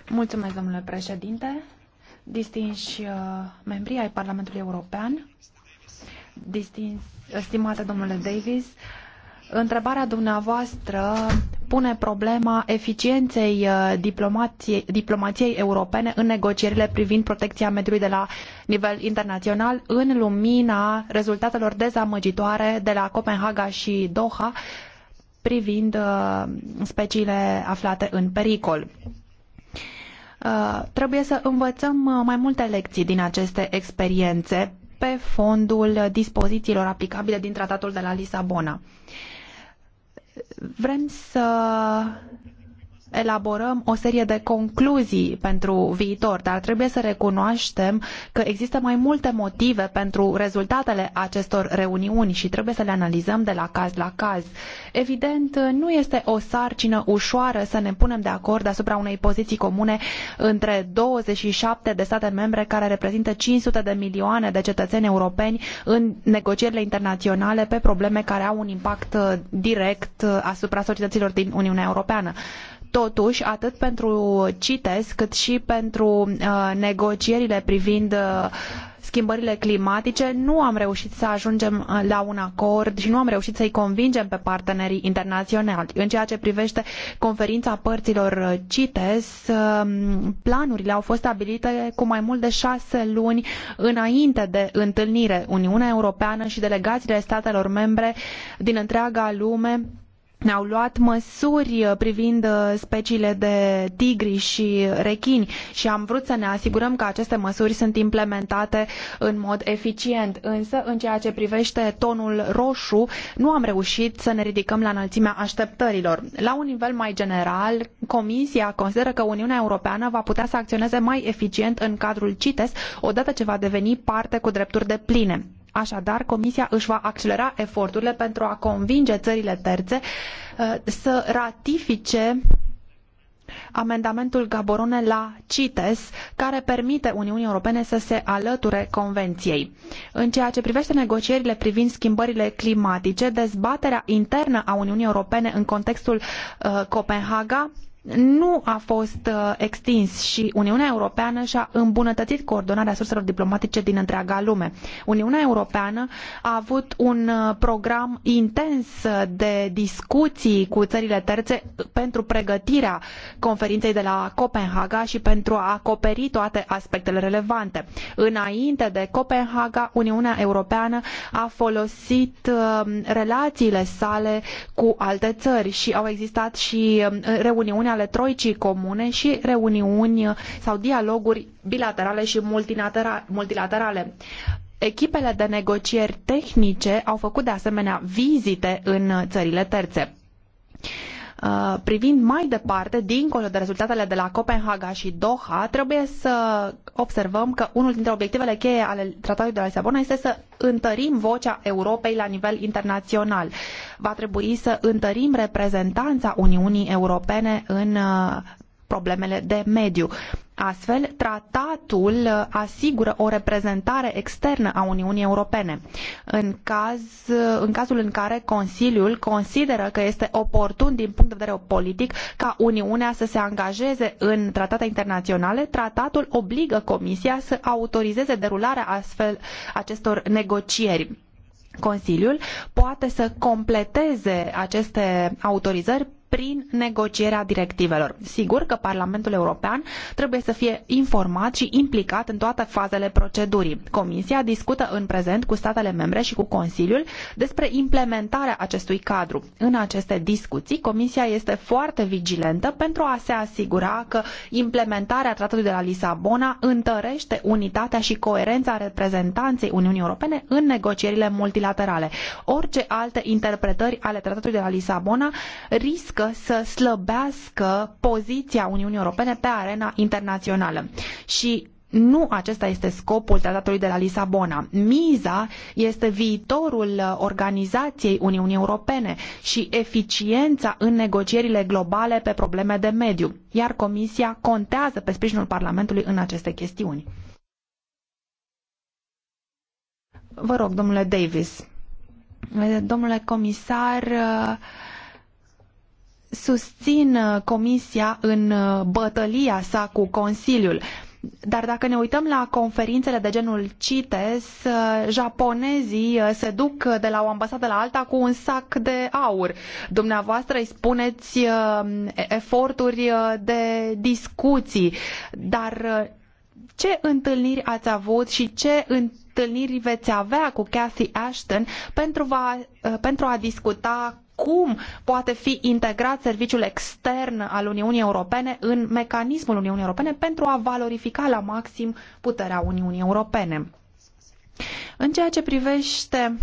Mulțumesc, domnule președinte, distinși uh, membrii ai Parlamentului European, distins, stimate domnule Davis, întrebarea dumneavoastră pune problema eficienței uh, diplomației, diplomației europene în negocierile privind protecția mediului de la nivel internațional în lumina rezultatelor dezamăgitoare de la Copenhaga și Doha privind uh, speciile aflate în pericol. Uh, trebuie să învățăm mai multe lecții din aceste experiențe pe fondul dispozițiilor aplicabile din Tratatul de la Lisabona. Uh, Vrem să elaborăm o serie de concluzii pentru viitor, dar trebuie să recunoaștem că există mai multe motive pentru rezultatele acestor reuniuni și trebuie să le analizăm de la caz la caz. Evident, nu este o sarcină ușoară să ne punem de acord asupra unei poziții comune între 27 de state membre care reprezintă 500 de milioane de cetățeni europeni în negocierile internaționale pe probleme care au un impact direct asupra societăților din Uniunea Europeană. Totuși, atât pentru CITES cât și pentru uh, negocierile privind uh, schimbările climatice, nu am reușit să ajungem uh, la un acord și nu am reușit să-i convingem pe partenerii internaționali. În ceea ce privește conferința părților CITES, um, planurile au fost stabilite cu mai mult de șase luni înainte de întâlnire. Uniunea Europeană și delegațiile statelor membre din întreaga lume ne-au luat măsuri uh, privind uh, speciile de tigri și rechini și am vrut să ne asigurăm că aceste măsuri sunt implementate în mod eficient. Însă, în ceea ce privește tonul roșu, nu am reușit să ne ridicăm la înălțimea așteptărilor. La un nivel mai general, Comisia consideră că Uniunea Europeană va putea să acționeze mai eficient în cadrul CITES odată ce va deveni parte cu drepturi de pline. Așadar, Comisia își va accelera eforturile pentru a convinge țările terțe uh, să ratifice amendamentul Gaborone la CITES, care permite Uniunii Europene să se alăture convenției. În ceea ce privește negocierile privind schimbările climatice, dezbaterea internă a Uniunii Europene în contextul uh, Copenhaga nu a fost uh, extins și Uniunea Europeană și-a îmbunătățit coordonarea surselor diplomatice din întreaga lume. Uniunea Europeană a avut un uh, program intens uh, de discuții cu țările terțe pentru pregătirea conferinței de la Copenhaga și pentru a acoperi toate aspectele relevante. Înainte de Copenhaga, Uniunea Europeană a folosit relațiile sale cu alte țări și au existat și um, reuniuni ale troicii comune și reuniuni sau dialoguri bilaterale și multilaterale. Echipele de negocieri tehnice au făcut de asemenea vizite în țările terțe. Uh, privind mai departe, dincolo de rezultatele de la Copenhaga și Doha, trebuie să observăm că unul dintre obiectivele cheie ale Tratatului de la Lisabona este să întărim vocea Europei la nivel internațional. Va trebui să întărim reprezentanța Uniunii Europene în uh, problemele de mediu. Astfel, tratatul asigură o reprezentare externă a Uniunii Europene, în, caz, în cazul în care Consiliul consideră că este oportun din punct de vedere politic ca Uniunea să se angajeze în tratate internaționale, tratatul obligă Comisia să autorizeze derularea astfel acestor negocieri. Consiliul poate să completeze aceste autorizări prin negocierea directivelor. Sigur că Parlamentul European trebuie să fie informat și implicat în toate fazele procedurii. Comisia discută în prezent cu statele membre și cu Consiliul despre implementarea acestui cadru. În aceste discuții, Comisia este foarte vigilentă pentru a se asigura că implementarea Tratatului de la Lisabona întărește unitatea și coerența reprezentanței Uniunii Europene în negocierile multilaterale. Orice alte interpretări ale Tratatului de la Lisabona riscă riscă să slăbească poziția Uniunii Europene pe arena internațională. Și nu acesta este scopul tratatului de la Lisabona. Miza este viitorul organizației Uniunii Europene și eficiența în negocierile globale pe probleme de mediu, iar Comisia contează pe sprijinul Parlamentului în aceste chestiuni. Vă rog, domnule Davis. Domnule comisar, susțin uh, Comisia în uh, bătălia sa cu Consiliul. Dar dacă ne uităm la conferințele de genul CITES, uh, japonezii se duc de la o ambasadă la alta cu un sac de aur. Dumneavoastră îi spuneți eforturi de discuții, dar ce întâlniri ați avut și ce întâlniri veți avea cu Cathy Ashton pentru, va, pentru a discuta cum poate fi integrat serviciul extern al Uniunii Europene în mecanismul Uniunii Europene pentru a valorifica la maxim puterea Uniunii Europene. În ceea ce privește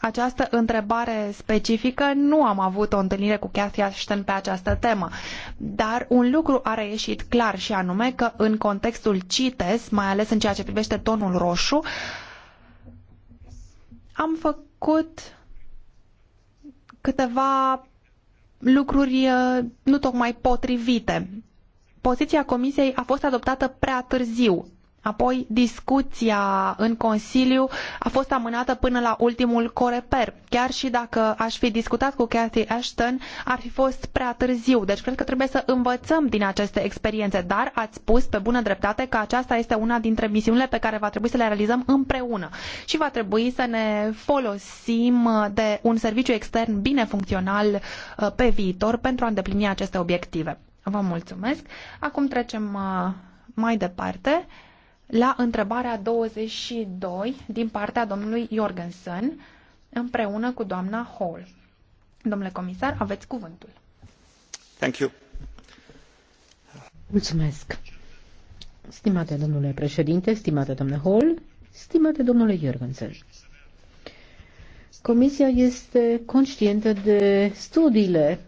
această întrebare specifică, nu am avut o întâlnire cu Cathy Ashton pe această temă, dar un lucru a reieșit clar și anume că în contextul CITES, mai ales în ceea ce privește tonul roșu, am făcut câteva lucruri uh, nu tocmai potrivite. Poziția Comisiei a fost adoptată prea târziu. Apoi, discuția în Consiliu a fost amânată până la ultimul coreper. Chiar și dacă aș fi discutat cu Cathy Ashton, ar fi fost prea târziu. Deci cred că trebuie să învățăm din aceste experiențe. Dar ați spus pe bună dreptate că aceasta este una dintre misiunile pe care va trebui să le realizăm împreună. Și va trebui să ne folosim de un serviciu extern bine funcțional uh, pe viitor pentru a îndeplini aceste obiective. Vă mulțumesc. Acum trecem uh, mai departe la întrebarea 22 din partea domnului Jorgensen împreună cu doamna Hall. Domnule comisar, aveți cuvântul. Thank you. Mulțumesc. Stimate domnule președinte, stimate domnule Hall, stimate domnule Jorgensen. Comisia este conștientă de studiile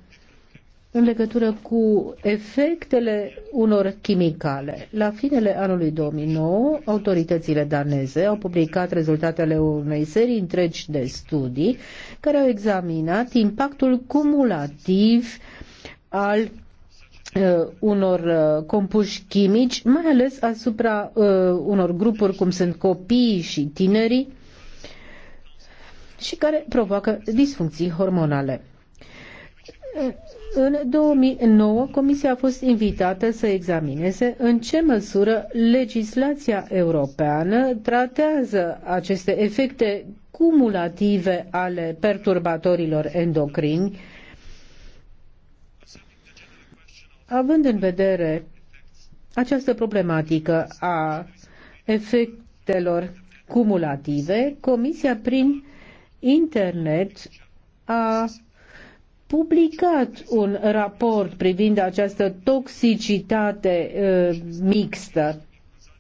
în legătură cu efectele unor chimicale. La finele anului 2009, autoritățile daneze au publicat rezultatele unei serii întregi de studii care au examinat impactul cumulativ al uh, unor uh, compuși chimici, mai ales asupra uh, unor grupuri cum sunt copiii și tinerii și care provoacă disfuncții hormonale. În 2009, Comisia a fost invitată să examineze în ce măsură legislația europeană tratează aceste efecte cumulative ale perturbatorilor endocrini, având în vedere această problematică a efectelor cumulative, Comisia prin internet a publicat un raport privind această toxicitate uh, mixtă.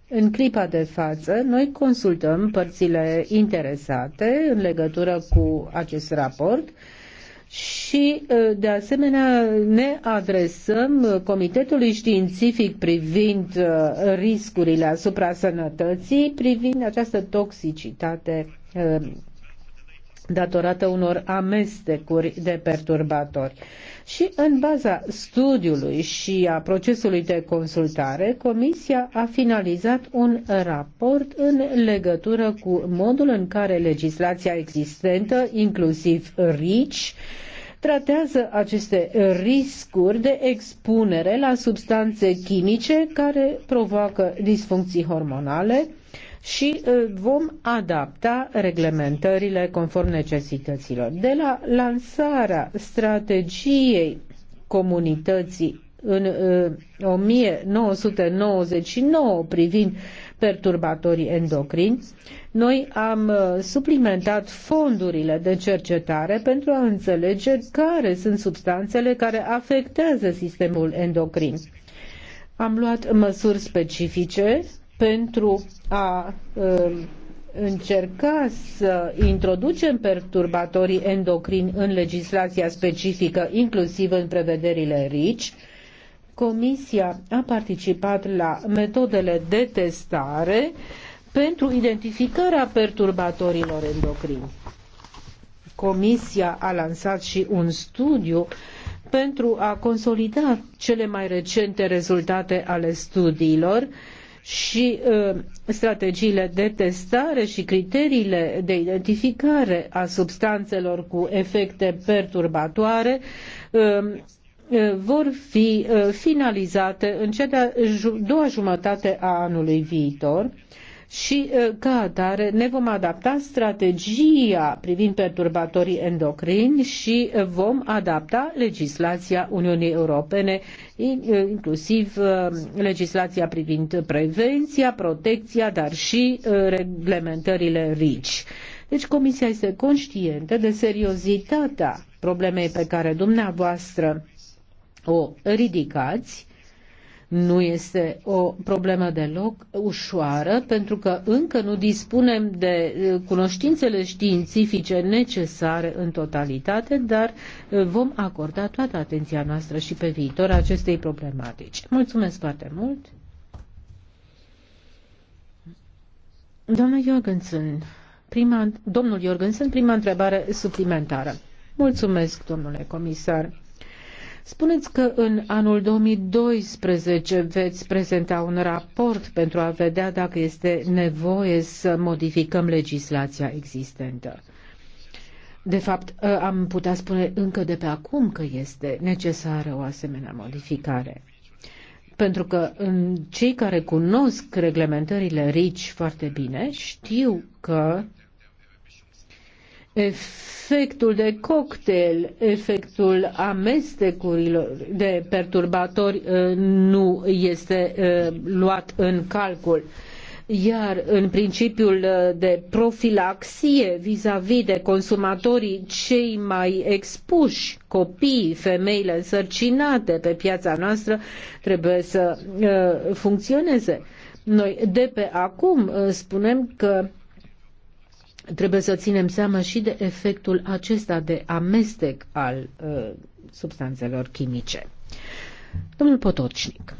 În clipa de față, noi consultăm părțile interesate în legătură cu acest raport și, uh, de asemenea, ne adresăm uh, Comitetului Științific privind riscurile asupra sănătății, privind această toxicitate datorată unor amestecuri de perturbatori. Și în baza studiului și a procesului de consultare, Comisia a finalizat un raport în legătură cu modul în care legislația existentă, inclusiv RICI, tratează aceste riscuri de expunere la substanțe chimice care provoacă disfuncții hormonale, și uh, vom adapta reglementările conform necesităților. De la lansarea strategiei comunității în 1999 uh, privind perturbatorii endocrini, noi am uh, suplimentat fondurile de cercetare pentru a înțelege care sunt substanțele care afectează sistemul endocrin. Am luat măsuri specifice pentru a um, încerca să introducem perturbatorii endocrini în legislația specifică, inclusiv în prevederile RICI, Comisia a participat la metodele de testare pentru identificarea perturbatorilor endocrini. Comisia a lansat și un studiu pentru a consolida cele mai recente rezultate ale studiilor și ă, strategiile de testare și criteriile de identificare a substanțelor cu efecte perturbatoare ă, ă, vor fi finalizate în cea de-a doua jumătate a anului viitor și uh, ca atare ne vom adapta strategia privind perturbatorii endocrini și uh, vom adapta legislația Uniunii Europene, uh, inclusiv legislația privind prevenția, protecția, dar și reglementările RICI. Deci Comisia este conștientă de seriozitatea problemei pe care dumneavoastră o ridicați nu este o problemă deloc ușoară, pentru că încă nu dispunem de eh, cunoștințele științifice necesare în totalitate, dar eh, vom acorda toată atenția noastră și pe viitor acestei problematici. Mulțumesc foarte mult! Doamna Jorgensen, prima, domnul Jorgensen, prima întrebare suplimentară. Mulțumesc, domnule comisar. Spuneți că în anul 2012 veți prezenta un raport pentru a vedea dacă este nevoie să modificăm legislația existentă. De fapt, ă, am putea spune încă de pe acum că este necesară o asemenea modificare. Pentru că cei care cunosc reglementările RICI foarte bine știu că efectul de cocktail, efectul amestecurilor de perturbatori uh, nu este uh, luat în calcul. Iar în principiul uh, de profilaxie vis-a-vis -vis de consumatorii cei mai expuși, copiii, femeile însărcinate pe piața noastră, trebuie să funcționeze. Noi de pe acum spunem că trebuie să ținem seama și de efectul acesta de amestec al uh, substanțelor chimice. Domnul Potocnic.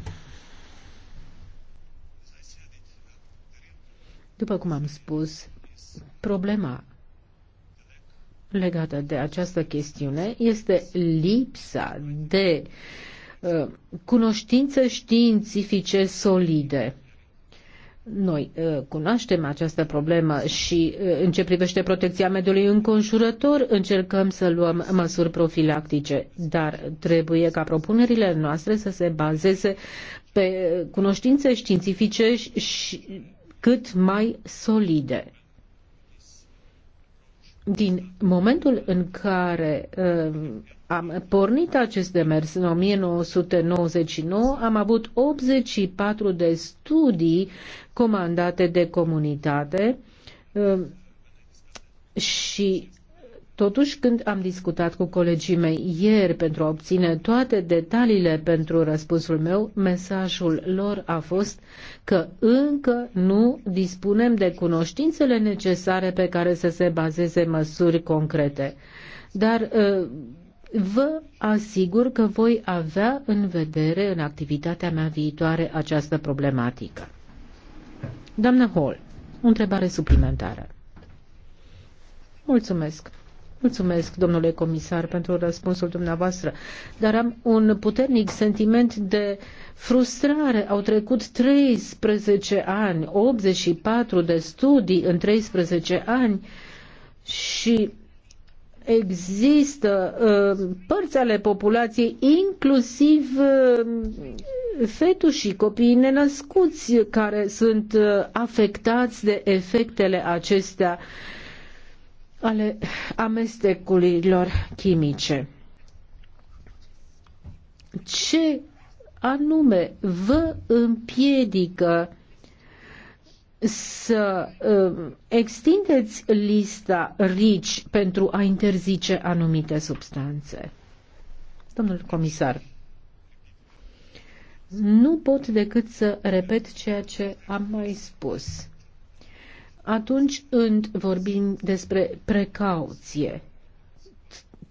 După cum am spus, problema legată de această chestiune este lipsa de uh, cunoștințe științifice solide. Noi uh, cunoaștem această problemă și uh, în ce privește protecția mediului înconjurător încercăm să luăm măsuri profilactice, dar trebuie ca propunerile noastre să se bazeze pe uh, cunoștințe științifice și cât mai solide. Din momentul în care am pornit acest demers în 1999, am avut 84 de studii comandate de comunitate ehm, și Totuși, când am discutat cu colegii mei ieri pentru a obține toate detaliile pentru răspunsul meu, mesajul lor a fost că încă nu dispunem de cunoștințele necesare pe care să se bazeze măsuri concrete. Dar ehm, Vă asigur că voi avea în vedere în activitatea mea viitoare această problematică. Doamnă Hall, o întrebare suplimentară. Mulțumesc. Mulțumesc, domnule comisar, pentru răspunsul dumneavoastră, dar am un puternic sentiment de frustrare. Au trecut 13 ani, 84 de studii în 13 ani și există uh, părți ale populației, inclusiv uh, fetușii, copiii nenăscuți care sunt uh, afectați de efectele acestea ale amestecurilor chimice. Ce anume vă împiedică să um, extindeți lista RICI pentru a interzice anumite substanțe. Domnul comisar, nu pot decât să repet ceea ce am mai spus. Atunci când vorbim despre precauție,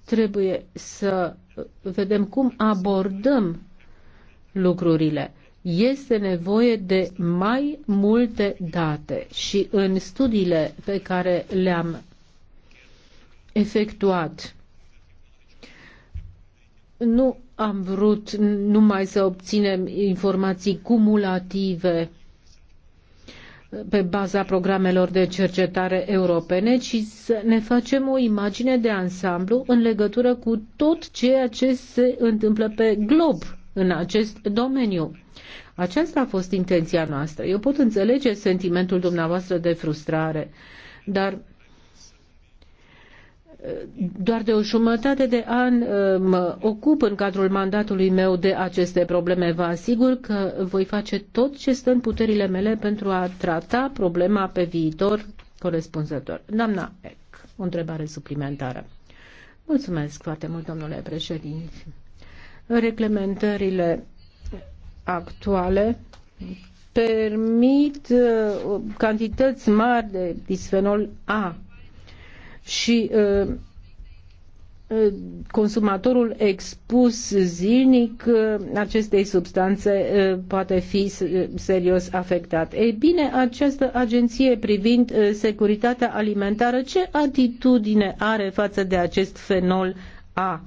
trebuie să vedem cum abordăm lucrurile este nevoie de mai multe date și în studiile pe care le-am efectuat nu am vrut numai să obținem informații cumulative pe baza programelor de cercetare europene, ci să ne facem o imagine de ansamblu în legătură cu tot ceea ce se întâmplă pe glob în acest domeniu. Aceasta a fost intenția noastră. Eu pot înțelege sentimentul dumneavoastră de frustrare, dar eh, doar de o jumătate de an eh, mă ocup în cadrul mandatului meu de aceste probleme. Vă asigur că voi face tot ce stă în puterile mele pentru a trata problema pe viitor corespunzător. Doamna Eck, o întrebare suplimentară. Mulțumesc foarte mult, domnule președinte. Reglementările actuale permit uh, cantități mari de disfenol A și uh, uh, consumatorul expus zilnic acestei substanțe poate fi serios afectat. Ei bine, această agenție privind securitatea alimentară, ce atitudine are față de acest fenol A?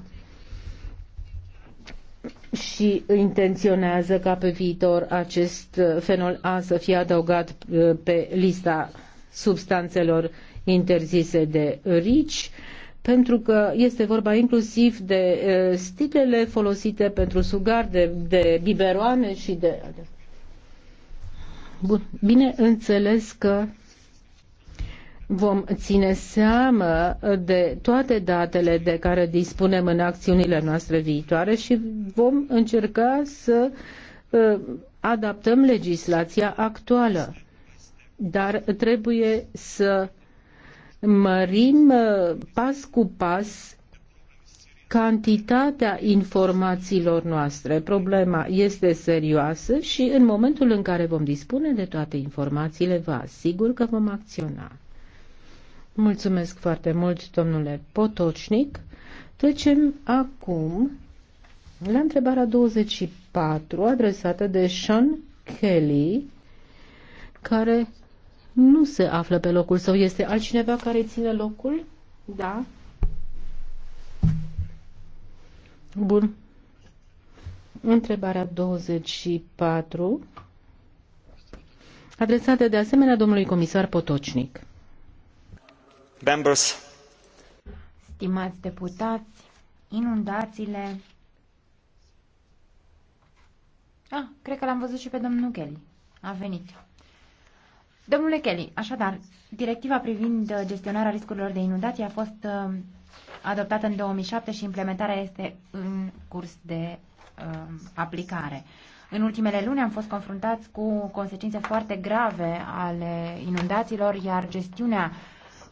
și intenționează ca pe viitor acest uh, fenol A să fie adăugat uh, pe lista substanțelor interzise de RICI, pentru că este vorba inclusiv de uh, sticlele folosite pentru sugar, de, de biberoane și de... Bun, bine înțeles că vom ține seamă de toate datele de care dispunem în acțiunile noastre viitoare și vom încerca să uh, adaptăm legislația actuală. Dar trebuie să mărim uh, pas cu pas cantitatea informațiilor noastre. Problema este serioasă și în momentul în care vom dispune de toate informațiile, vă asigur că vom acționa. Mulțumesc foarte mult, domnule Potocnic. Trecem acum la întrebarea 24, adresată de Sean Kelly, care nu se află pe locul său. Este altcineva care ține locul? Da. Bun. Întrebarea 24, adresată de asemenea domnului comisar Potocnic members. Stimați deputați, inundațiile... Ah, cred că l-am văzut și pe domnul Kelly. A venit. Domnule Kelly, așadar, directiva privind gestionarea riscurilor de inundații a fost uh, adoptată în 2007 și implementarea este în curs de uh, aplicare. În ultimele luni am fost confruntați cu consecințe foarte grave ale inundațiilor, iar gestiunea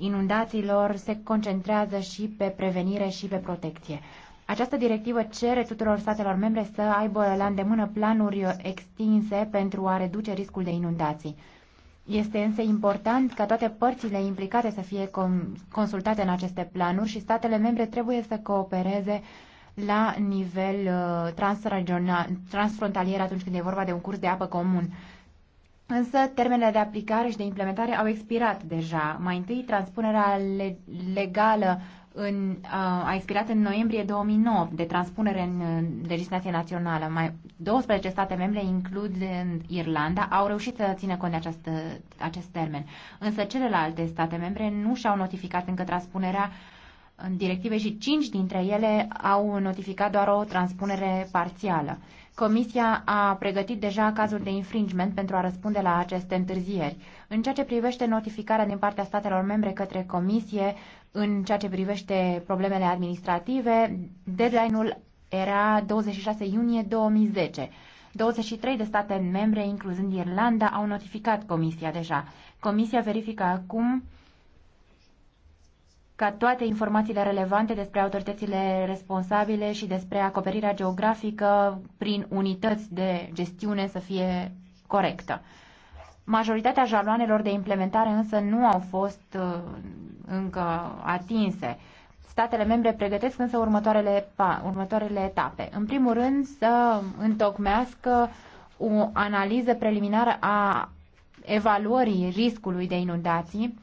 inundațiilor se concentrează și pe prevenire și pe protecție. Această directivă cere tuturor statelor membre să aibă la îndemână planuri extinse pentru a reduce riscul de inundații. Este însă important ca toate părțile implicate să fie consultate în aceste planuri și statele membre trebuie să coopereze la nivel uh, transfrontalier atunci când e vorba de un curs de apă comun. Însă, termenele de aplicare și de implementare au expirat deja. Mai întâi, transpunerea le legală în, uh, a expirat în noiembrie 2009 de transpunere în, uh, legislație națională. Mai 12 state membre, includând Irlanda, au reușit să țină cont de această, acest termen. Însă celelalte state membre nu și-au notificat încă transpunerea în uh, directive și 5 dintre ele au notificat doar o transpunere parțială. Comisia a pregătit deja cazuri de infringement pentru a răspunde la aceste întârzieri. În ceea ce privește notificarea din partea statelor membre către Comisie, în ceea ce privește problemele administrative, deadline-ul era 26 iunie 2010. 23 de state membre, incluzând Irlanda, au notificat Comisia deja. Comisia verifică acum ca toate informațiile relevante despre autoritățile responsabile și despre acoperirea geografică prin unități de gestiune să fie corectă. Majoritatea jaloanelor de implementare însă nu au fost uh, încă atinse. Statele membre pregătesc însă următoarele, pa, următoarele etape. În primul rând să întocmească o analiză preliminară a evaluării riscului de inundații,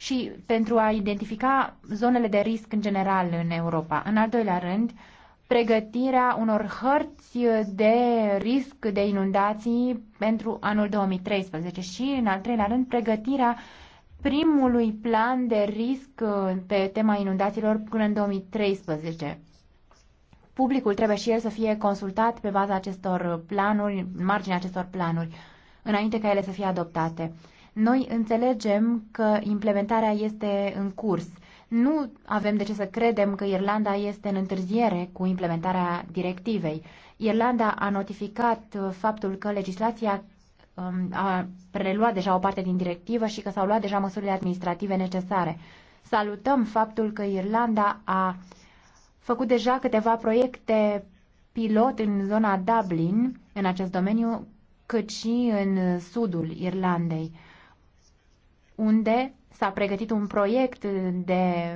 și pentru a identifica zonele de risc în general în Europa. În al doilea rând, pregătirea unor hărți de risc de inundații pentru anul 2013 și, în al treilea rând, pregătirea primului plan de risc pe tema inundațiilor până în 2013. Publicul trebuie și el să fie consultat pe baza acestor planuri, în marginea acestor planuri, înainte ca ele să fie adoptate. Noi înțelegem că implementarea este în curs. Nu avem de ce să credem că Irlanda este în întârziere cu implementarea directivei. Irlanda a notificat uh, faptul că legislația um, a preluat deja o parte din directivă și că s-au luat deja măsurile administrative necesare. Salutăm faptul că Irlanda a făcut deja câteva proiecte pilot în zona Dublin, în acest domeniu, cât și în uh, sudul Irlandei unde s-a pregătit un proiect de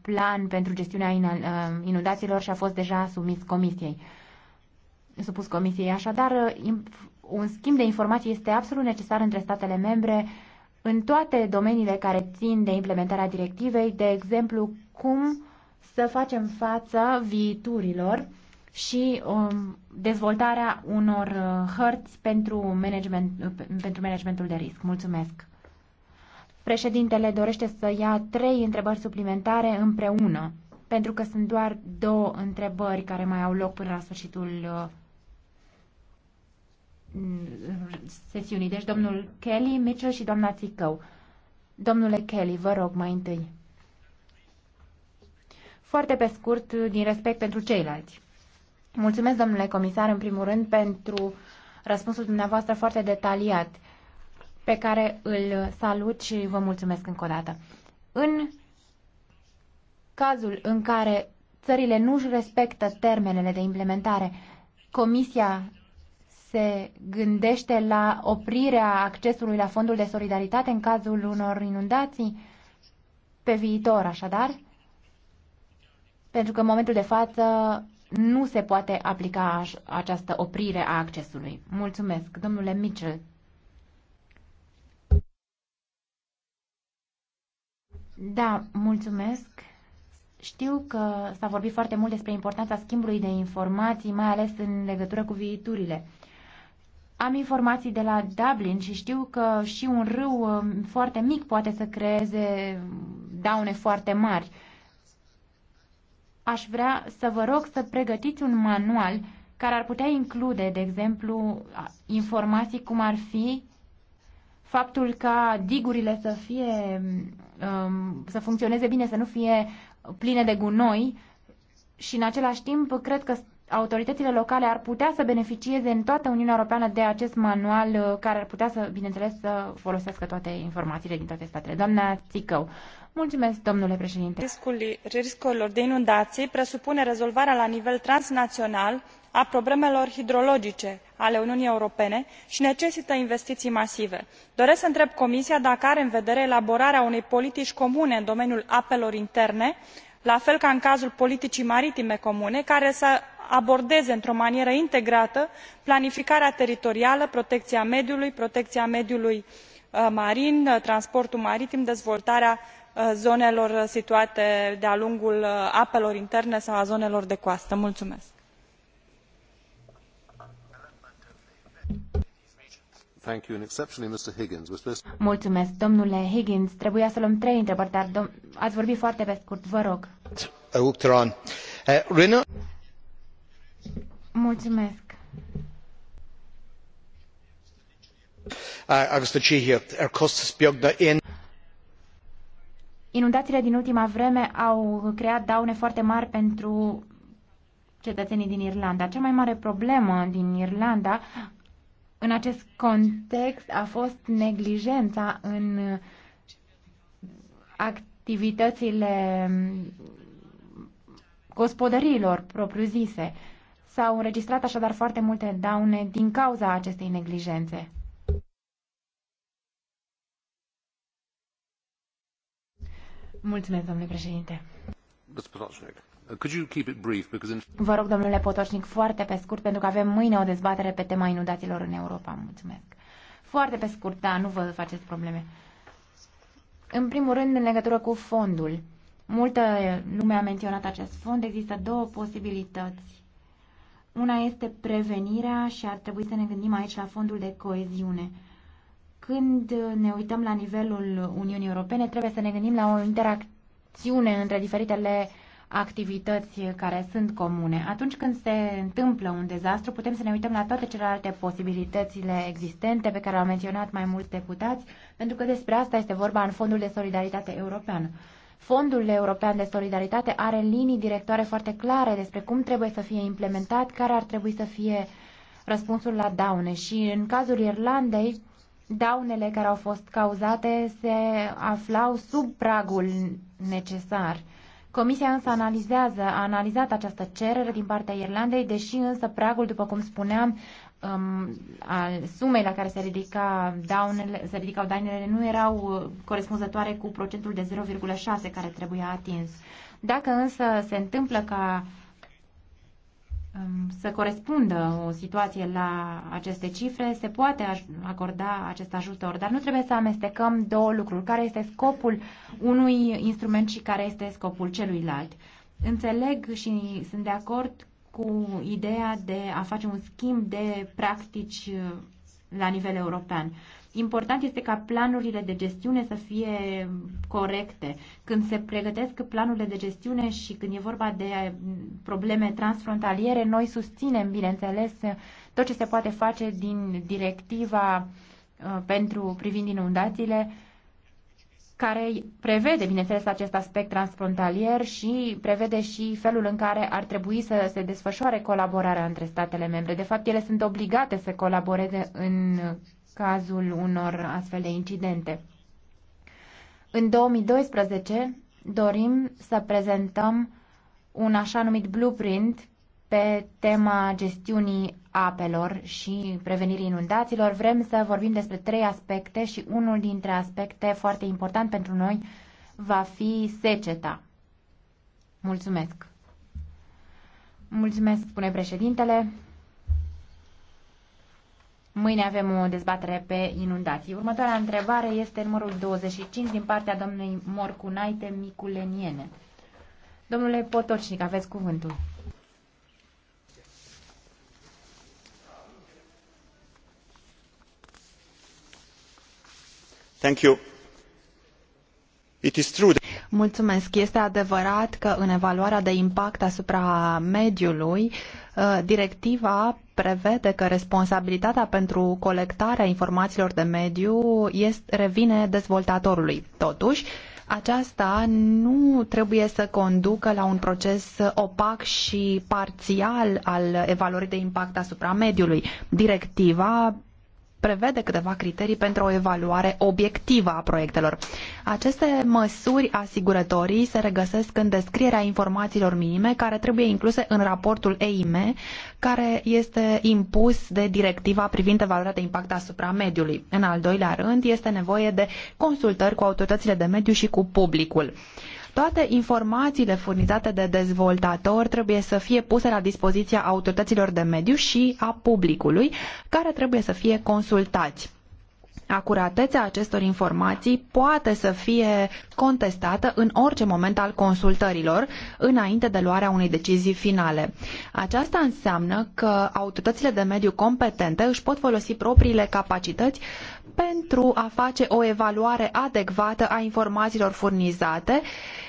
plan pentru gestiunea uh, inundațiilor și a fost deja sumis comisiei. Supus comisiei. Așadar, uh, un schimb de informații este absolut necesar între statele membre în toate domeniile care țin de implementarea directivei, de exemplu, cum să facem față viiturilor și um, dezvoltarea unor uh, hărți pentru, management, pentru managementul de risc. Mulțumesc! Președintele dorește să ia trei întrebări suplimentare împreună, pentru că sunt doar două întrebări care mai au loc până la sfârșitul uh, sesiunii. Deci domnul Kelly, Mitchell și doamna Țicău. Domnule Kelly, vă rog mai întâi. Foarte pe scurt, din respect pentru ceilalți. Mulțumesc, domnule comisar, în primul rând, pentru răspunsul dumneavoastră foarte detaliat pe care îl salut și vă mulțumesc încă o dată. În cazul în care țările nu își respectă termenele de implementare, Comisia se gândește la oprirea accesului la fondul de solidaritate în cazul unor inundații pe viitor, așadar? Pentru că în momentul de față nu se poate aplica această oprire a accesului. Mulțumesc, domnule Mitchell. Da, mulțumesc. Știu că s-a vorbit foarte mult despre importanța schimbului de informații, mai ales în legătură cu viiturile. Am informații de la Dublin și știu că și un râu um, foarte mic poate să creeze um, daune foarte mari. Aș vrea să vă rog să pregătiți un manual care ar putea include, de exemplu, informații cum ar fi faptul ca digurile să fie um, să funcționeze bine, să nu fie pline de gunoi și în același timp cred că autoritățile locale ar putea să beneficieze în toată Uniunea Europeană de acest manual uh, care ar putea să, bineînțeles, să folosească toate informațiile din toate statele. Doamna Țicău, mulțumesc, domnule președinte. Riscul, riscurilor de inundații presupune rezolvarea la nivel transnațional a problemelor hidrologice ale uniunii europene i necesită investiii masive. doresc să întreb comisia dacă are în vedere elaborarea unei politici comune în domeniul apelor interne la fel ca în cazul politicii maritime comune care să abordeze într o manieră integrată planificarea teritorială protecia mediului protecia mediului uh, marin uh, transportul maritim dezvoltarea uh, zonelor situate de a lungul apelor interne sau a zonelor de coastă. Thank you, and exceptionally, Mr. Higgins, was this... Mulțumesc, domnule Higgins. Trebuia să luăm trei întrebări, dar dom- ați vorbit foarte pe scurt. Vă rog. Uh, Mulțumesc. Uh, agus do Er costă costas beagna in. Inundațiile din ultima vreme au creat daune foarte mari pentru cetățenii din Irlanda. Cea mai mare problemă din Irlanda în acest context a fost neglijența în activitățile gospodăriilor propriu-zise. S-au înregistrat așadar foarte multe daune din cauza acestei neglijențe. Mulțumesc, domnule președinte. Vă rog, domnule Potoșnic, foarte pe scurt, pentru că avem mâine o dezbatere pe tema inundațiilor în Europa. Mulțumesc. Foarte pe scurt, da, nu vă faceți probleme. În primul rând, în legătură cu fondul. Multă lume a menționat acest fond. Există două posibilități. Una este prevenirea și ar trebui să ne gândim aici la fondul de coeziune. Când ne uităm la nivelul Uniunii Europene, trebuie să ne gândim la o interacțiune între diferitele uh, activități care sunt comune. Atunci când se întâmplă un dezastru, putem să ne uităm la toate celelalte posibilitățile existente pe care au menționat mai mulți deputați, pentru că despre asta este vorba în Fondul de Solidaritate European. Fondul European de Solidaritate are linii directoare foarte clare despre cum trebuie să fie implementat, care ar trebui să fie răspunsul la daune și în cazul Irlandei, daunele care au fost cauzate se aflau sub pragul necesar. Comisia însă analizează, a analizat această cerere din partea Irlandei, deși însă pragul, după cum spuneam, um, al sumei la care se, ridica daunele, se ridicau daunele nu erau uh, corespunzătoare cu procentul de 0,6 care trebuia atins. Dacă însă se întâmplă ca să corespundă o situație la aceste cifre, se poate acorda acest ajutor, dar nu trebuie să amestecăm două lucruri, care este scopul unui instrument și care este scopul celuilalt. Înțeleg și sunt de acord cu ideea de a face un schimb de practici uh, la nivel european. Important este ca planurile de gestiune să fie corecte. Când se pregătesc planurile de gestiune și când e vorba de mm, probleme transfrontaliere, noi susținem, bineînțeles, tot ce se poate face din directiva uh, pentru privind inundațiile, care prevede, bineînțeles, acest aspect transfrontalier și prevede și felul în care ar trebui să se desfășoare colaborarea între statele membre. De fapt, ele sunt obligate să colaboreze în cazul unor astfel de incidente. În 2012 dorim să prezentăm un așa numit blueprint pe tema gestiunii apelor și prevenirii inundațiilor. Vrem să vorbim despre trei aspecte și unul dintre aspecte foarte important pentru noi va fi seceta. Mulțumesc! Mulțumesc, spune președintele. Mâine avem o dezbatere pe inundații. Următoarea întrebare este numărul 25 din partea domnului Morcunaite Miculeniene. Domnule Potocnic, aveți cuvântul. Thank you. It is true Mulțumesc. Este adevărat că în evaluarea de impact asupra mediului, uh, directiva prevede că responsabilitatea pentru colectarea informațiilor de mediu este, revine dezvoltatorului. Totuși, aceasta nu trebuie să conducă la un proces opac și parțial al evaluării de impact asupra mediului. Directiva prevede câteva criterii pentru o evaluare obiectivă a proiectelor. Aceste măsuri asigurătorii se regăsesc în descrierea informațiilor minime care trebuie incluse în raportul EIM, care este impus de directiva privind evaluarea de impact asupra mediului. În al doilea rând, este nevoie de consultări cu autoritățile de mediu și cu publicul. Toate informațiile furnizate de dezvoltator trebuie să fie puse la dispoziția autorităților de mediu și a publicului, care trebuie să fie consultați. Acuratețea acestor informații poate să fie contestată în orice moment al consultărilor, înainte de luarea unei decizii finale. Aceasta înseamnă că autoritățile de mediu competente își pot folosi propriile capacități pentru a face o evaluare adecvată a informațiilor furnizate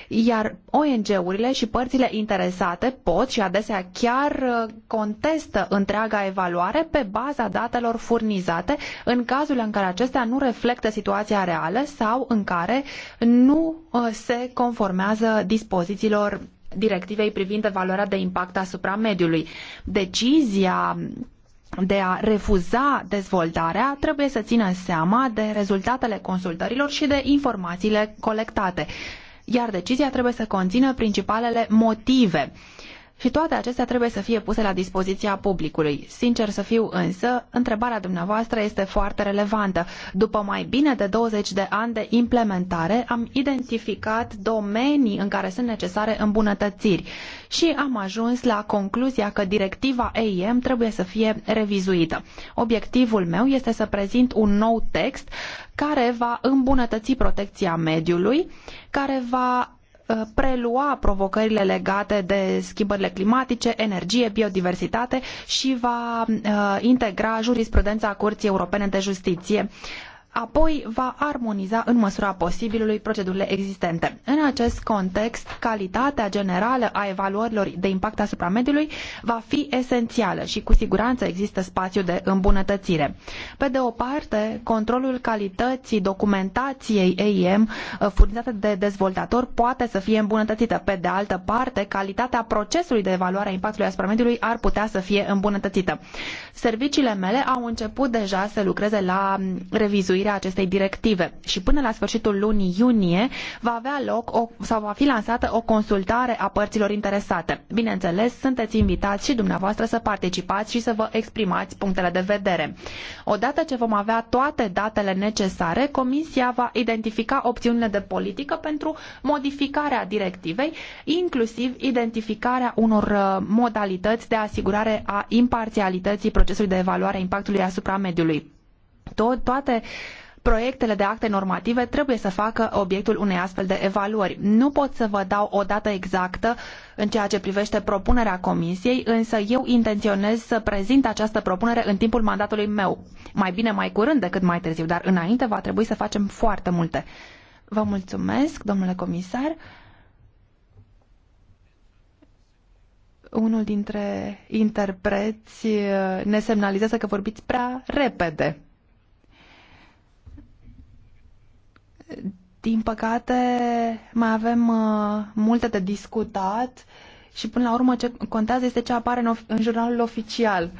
iar ONG-urile și părțile interesate pot și adesea chiar uh, contestă întreaga evaluare pe baza datelor furnizate în cazul în care acestea nu reflectă situația reală sau în care nu uh, se conformează dispozițiilor directivei privind evaluarea de impact asupra mediului. Decizia de a refuza dezvoltarea trebuie să țină seama de rezultatele consultărilor și de informațiile colectate iar decizia trebuie să conțină principalele motive și toate acestea trebuie să fie puse la dispoziția publicului. Sincer să fiu însă, întrebarea dumneavoastră este foarte relevantă. După mai bine de 20 de ani de implementare, am identificat domenii în care sunt necesare îmbunătățiri și am ajuns la concluzia că directiva EIM trebuie să fie revizuită. Obiectivul meu este să prezint un nou text care va îmbunătăți protecția mediului, care va Uh, prelua provocările legate de schimbările climatice, energie, biodiversitate și va uh, integra jurisprudența Curții Europene de Justiție apoi va armoniza în măsura posibilului procedurile existente. În acest context, calitatea generală a evaluărilor de impact asupra mediului va fi esențială și cu siguranță există spațiu de îmbunătățire. Pe de o parte, controlul calității documentației EIM uh, furnizată de dezvoltator poate să fie îmbunătățită. Pe de altă parte, calitatea procesului de evaluare a impactului asupra mediului ar putea să fie îmbunătățită. Serviciile mele au început deja să lucreze la mm, revizuirea revizuirea acestei directive și până la sfârșitul lunii iunie va avea loc o, sau va fi lansată o consultare a părților interesate. Bineînțeles, sunteți invitați și dumneavoastră să participați și să vă exprimați punctele de vedere. Odată ce vom avea toate datele necesare, Comisia va identifica opțiunile de politică pentru modificarea directivei, inclusiv identificarea unor uh, modalități de asigurare a imparțialității procesului de evaluare a impactului asupra mediului toate proiectele de acte normative trebuie să facă obiectul unei astfel de evaluări. Nu pot să vă dau o dată exactă în ceea ce privește propunerea comisiei, însă eu intenționez să prezint această propunere în timpul mandatului meu. Mai bine mai curând decât mai târziu, dar înainte va trebui să facem foarte multe. Vă mulțumesc, domnule comisar. Unul dintre interpreți ne semnalizează că vorbiți prea repede. Din păcate, mai avem uh, multe de discutat și până la urmă ce contează este ce apare în, în jurnalul oficial.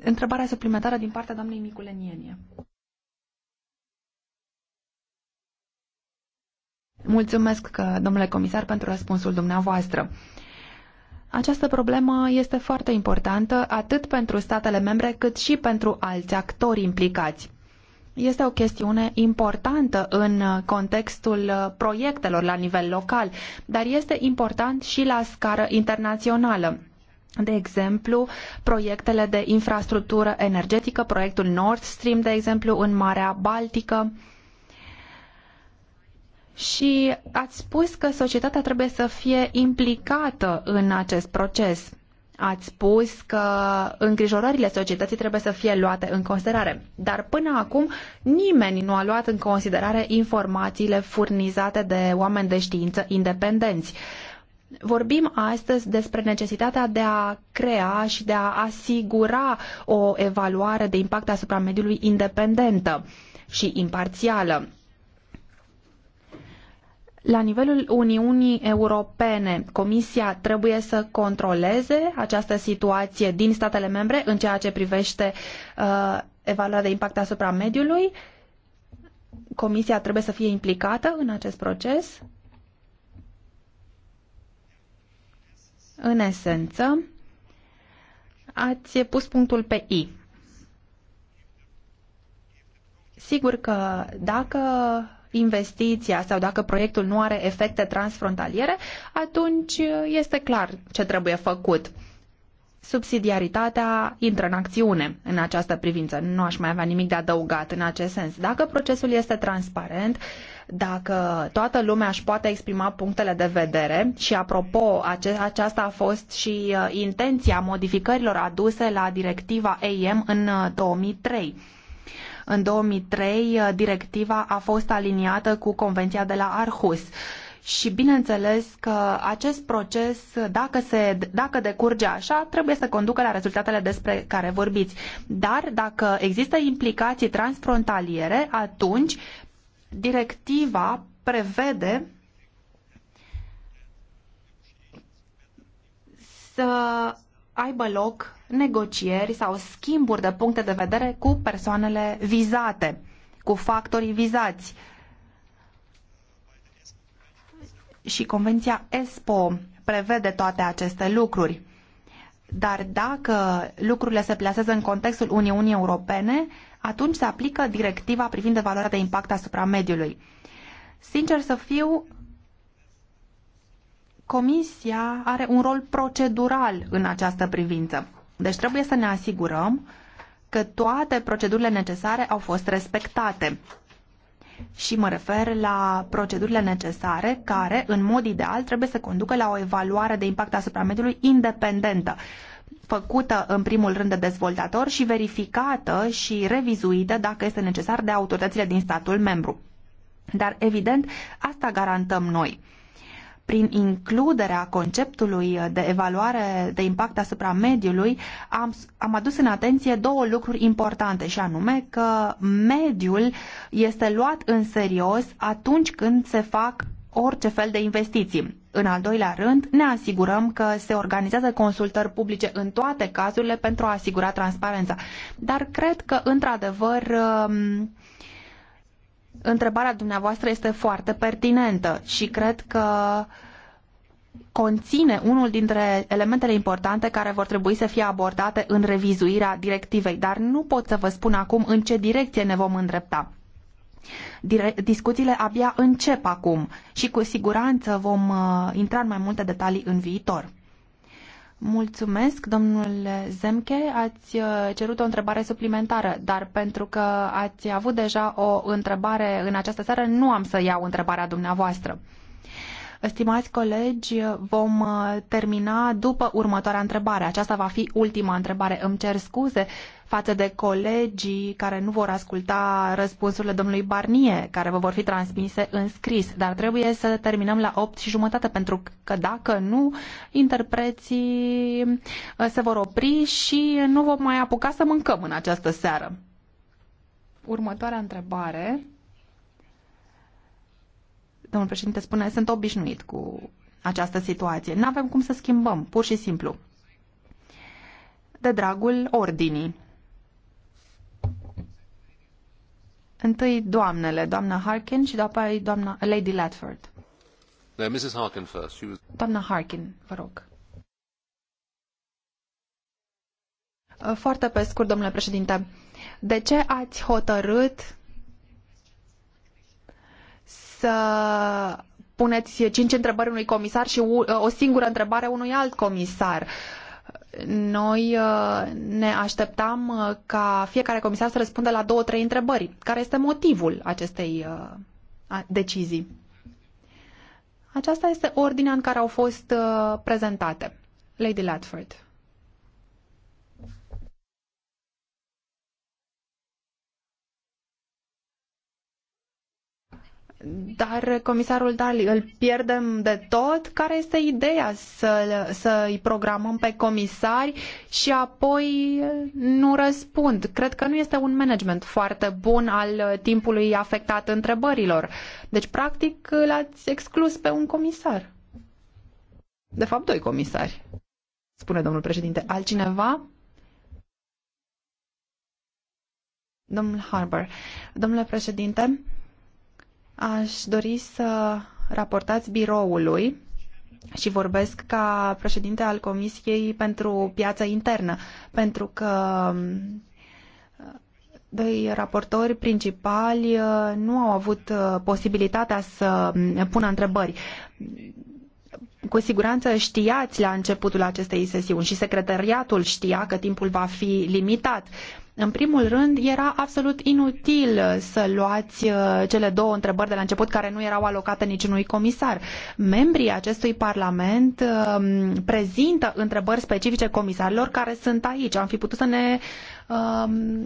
Întrebarea suplimentară din partea doamnei Miculenienie. Mulțumesc, domnule comisar, pentru răspunsul dumneavoastră. Uh, această problemă este foarte importantă atât pentru statele membre cât și pentru alți actori implicați. Este o chestiune importantă în contextul proiectelor la nivel local, dar este important și la scară internațională. De exemplu, proiectele de infrastructură energetică, proiectul Nord Stream, de exemplu, în Marea Baltică, și ați spus că societatea trebuie să fie implicată în acest proces. Ați spus că îngrijorările societății trebuie să fie luate în considerare, dar până acum nimeni nu a luat în considerare informațiile furnizate de oameni de știință independenți. Vorbim astăzi despre necesitatea de a crea și de a asigura o evaluare de impact asupra mediului independentă și imparțială. La nivelul Uniunii Europene, Comisia trebuie să controleze această situație din statele membre în ceea ce privește uh, evaluarea de impact asupra mediului. Comisia trebuie să fie implicată în acest proces. În esență, ați pus punctul pe I. Sigur că dacă investiția sau dacă proiectul nu are efecte transfrontaliere, atunci uh, este clar ce trebuie făcut. Subsidiaritatea intră în acțiune în această privință. Nu aș mai avea nimic de adăugat în acest sens. Dacă procesul este transparent, dacă toată lumea își poate exprima punctele de vedere și apropo, ace- aceasta a fost și uh, intenția modificărilor aduse la directiva AM în 2003 uh, în 2003, uh, directiva a fost aliniată cu Convenția de la Arhus. Și bineînțeles că acest proces, dacă, se, dacă decurge așa, trebuie să conducă la rezultatele despre care vorbiți. Dar dacă există implicații transfrontaliere, atunci directiva prevede să aibă loc negocieri sau schimburi de puncte de vedere cu persoanele vizate, cu factorii vizați. Și Convenția ESPO prevede toate aceste lucruri. Dar dacă lucrurile se plasează în contextul Uniunii Europene, atunci se aplică directiva privind evaluarea de impact asupra mediului. Sincer să fiu, Comisia are un rol procedural în această privință. Deci trebuie să ne asigurăm că toate procedurile necesare au fost respectate. Și mă refer la procedurile necesare care, în mod ideal, trebuie să conducă la o evaluare de impact asupra mediului independentă, făcută în primul rând de dezvoltator și verificată și revizuită, dacă este necesar, de autoritățile din statul membru. Dar, evident, asta garantăm noi prin includerea conceptului de evaluare de impact asupra mediului, am, am adus în atenție două lucruri importante, și anume că mediul este luat în serios atunci când se fac orice fel de investiții. În al doilea rând, ne asigurăm că se organizează consultări publice în toate cazurile pentru a asigura transparența. Dar cred că, într-adevăr, um, întrebarea dumneavoastră este foarte pertinentă și cred că conține unul dintre elementele importante care vor trebui să fie abordate în revizuirea directivei, dar nu pot să vă spun acum în ce direcție ne vom îndrepta. discuțiile abia încep acum și cu siguranță vom uh, intra în mai multe detalii în viitor. Mulțumesc, domnul Zemke. Ați uh, cerut o întrebare suplimentară, dar pentru că ați avut deja o întrebare în această seară, nu am să iau întrebarea dumneavoastră. Stimați colegi, vom uh, termina după următoarea întrebare. Aceasta va fi ultima întrebare. Îmi cer scuze față de colegii care nu vor asculta răspunsurile domnului Barnie, care vă vor fi transmise în scris, dar trebuie să terminăm la opt și jumătate, pentru că dacă nu, interpreții uh, se vor opri și nu vom mai apuca să mâncăm în această seară. Următoarea întrebare domnul președinte spune, sunt obișnuit cu această situație. Nu avem cum să schimbăm, pur și simplu. De dragul ordinii. Întâi doamnele, doamna Harkin și după aia doamna Lady Latford. No, Mrs. Harkin first. She was... Doamna Harkin, vă rog. Foarte pe scurt, domnule președinte, de ce ați hotărât să puneți cinci întrebări unui comisar și o singură întrebare unui alt comisar. Noi uh, ne așteptam uh, ca fiecare comisar să răspundă la două, trei întrebări. Care este motivul acestei uh, decizii? Aceasta este ordinea în care au fost prezentate. Lady Latford. Dar comisarul Dali, îl pierdem de tot? Care este ideea să, să îi programăm pe comisari și apoi nu răspund? Cred că nu este un management foarte bun al timpului afectat întrebărilor. Deci, practic, l-ați exclus pe un comisar. De fapt, doi comisari, spune domnul președinte. Altcineva? Domnul Harbour. Domnule președinte, Aș dori să raportați biroului și vorbesc ca președinte al Comisiei pentru Piața Internă, pentru că um, doi raportori principali uh, nu au avut uh, posibilitatea să um, pună întrebări. Cu siguranță știați la începutul acestei sesiuni și secretariatul știa că timpul va fi limitat. În primul rând, era absolut inutil să luați uh, cele două întrebări de la început care nu erau alocate niciunui comisar. Membrii acestui Parlament um, prezintă întrebări specifice comisarilor care sunt aici. Am fi putut să ne um,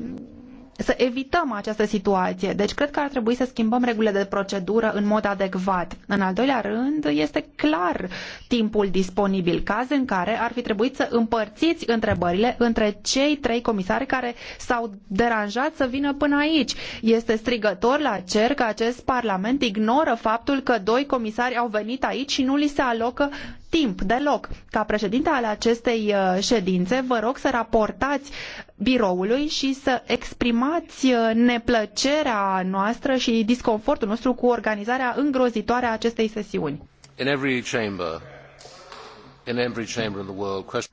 să evităm această situație. Deci cred că ar trebui să schimbăm regulile de procedură în mod adecvat. În al doilea rând, este clar timpul disponibil, caz în care ar fi trebuit să împărțiți întrebările între cei trei comisari care s-au deranjat să vină până aici. Este strigător la cer că acest Parlament ignoră faptul că doi comisari au venit aici și nu li se alocă timp deloc. Ca președinte al acestei uh, ședințe, vă rog să raportați biroului și să exprimați uh, neplăcerea noastră și disconfortul nostru cu organizarea îngrozitoare a acestei sesiuni.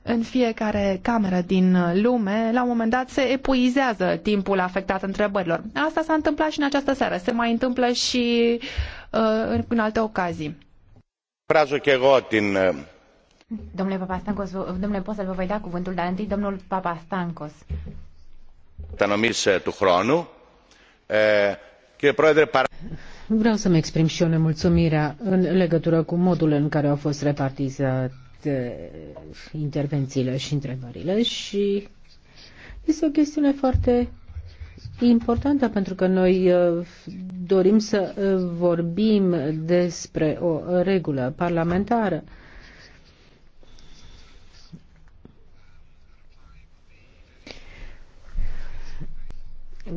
În fiecare cameră din uh, lume, la un moment dat, se epuizează timpul afectat întrebărilor. Asta s-a întâmplat și în această seară. Se mai întâmplă și uh, în alte ocazii. Πράζω και εγώ Domnule Papastancos, domnule Posel, vă voi da cuvântul, dar întâi domnul Papastancos. Tanomis eh, tu Hronu. Eh, Vreau să-mi exprim și eu nemulțumirea în legătură cu modul în care au fost repartizate intervențiile și întrebările și este o chestiune foarte importantă pentru că noi uh, dorim să uh, vorbim despre o regulă parlamentară.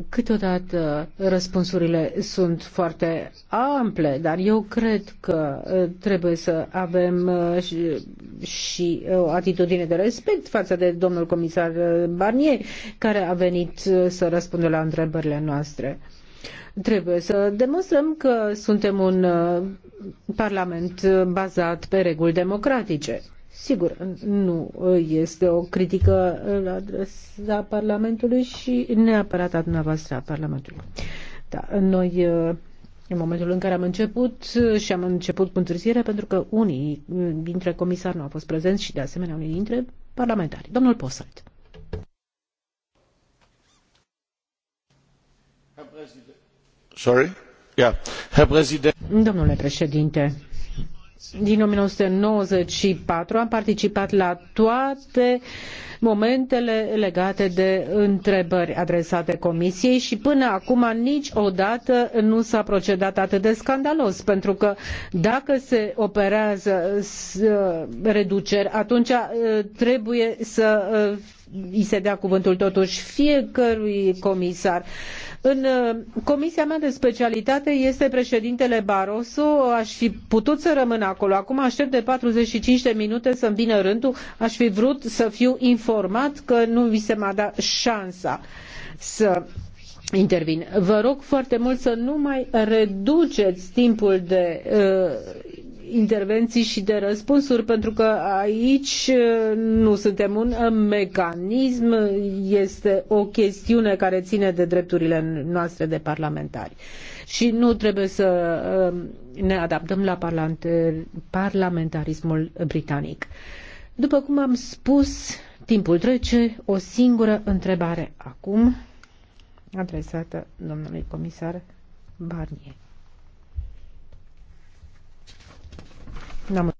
Câteodată răspunsurile sunt foarte ample, dar eu cred că uh, trebuie să avem uh, și uh, o atitudine de respect față de domnul comisar Barnier, care a venit să răspundă la întrebările noastre. Trebuie să demonstrăm că suntem un parlament bazat pe reguli democratice. Sigur, nu ă, este o critică la adresa Parlamentului și neapărat a dumneavoastră a Parlamentului. Da, noi, ă, în momentul în care am început, ă, și am început cu întârziere, pentru că unii dintre comisari nu au fost prezenți și, de asemenea, unii dintre parlamentari. Domnul Posalt. Sorry? Yeah. Herr Domnule președinte, din 1994 am participat la toate momentele legate de întrebări adresate Comisiei și până acum niciodată nu s-a procedat atât de scandalos, pentru că dacă se operează reduceri, atunci uh, trebuie să uh, îi se dea cuvântul totuși fiecărui comisar. În uh, comisia mea de specialitate este președintele Barroso, aș fi putut să rămân acolo. Acum aștept de 45 de minute să-mi vină rândul, aș fi vrut să fiu informat că nu vi se m-a dat șansa să intervin. Vă rog foarte mult să nu mai reduceți timpul de uh, intervenții și de răspunsuri, pentru că aici uh, nu suntem un uh, mecanism, este o chestiune care ține de drepturile noastre de parlamentari. Și nu trebuie să um, ne adaptăm la parlamentarismul britanic. După cum am spus, timpul trece, o singură întrebare acum adresată domnului comisar Barnier. Mă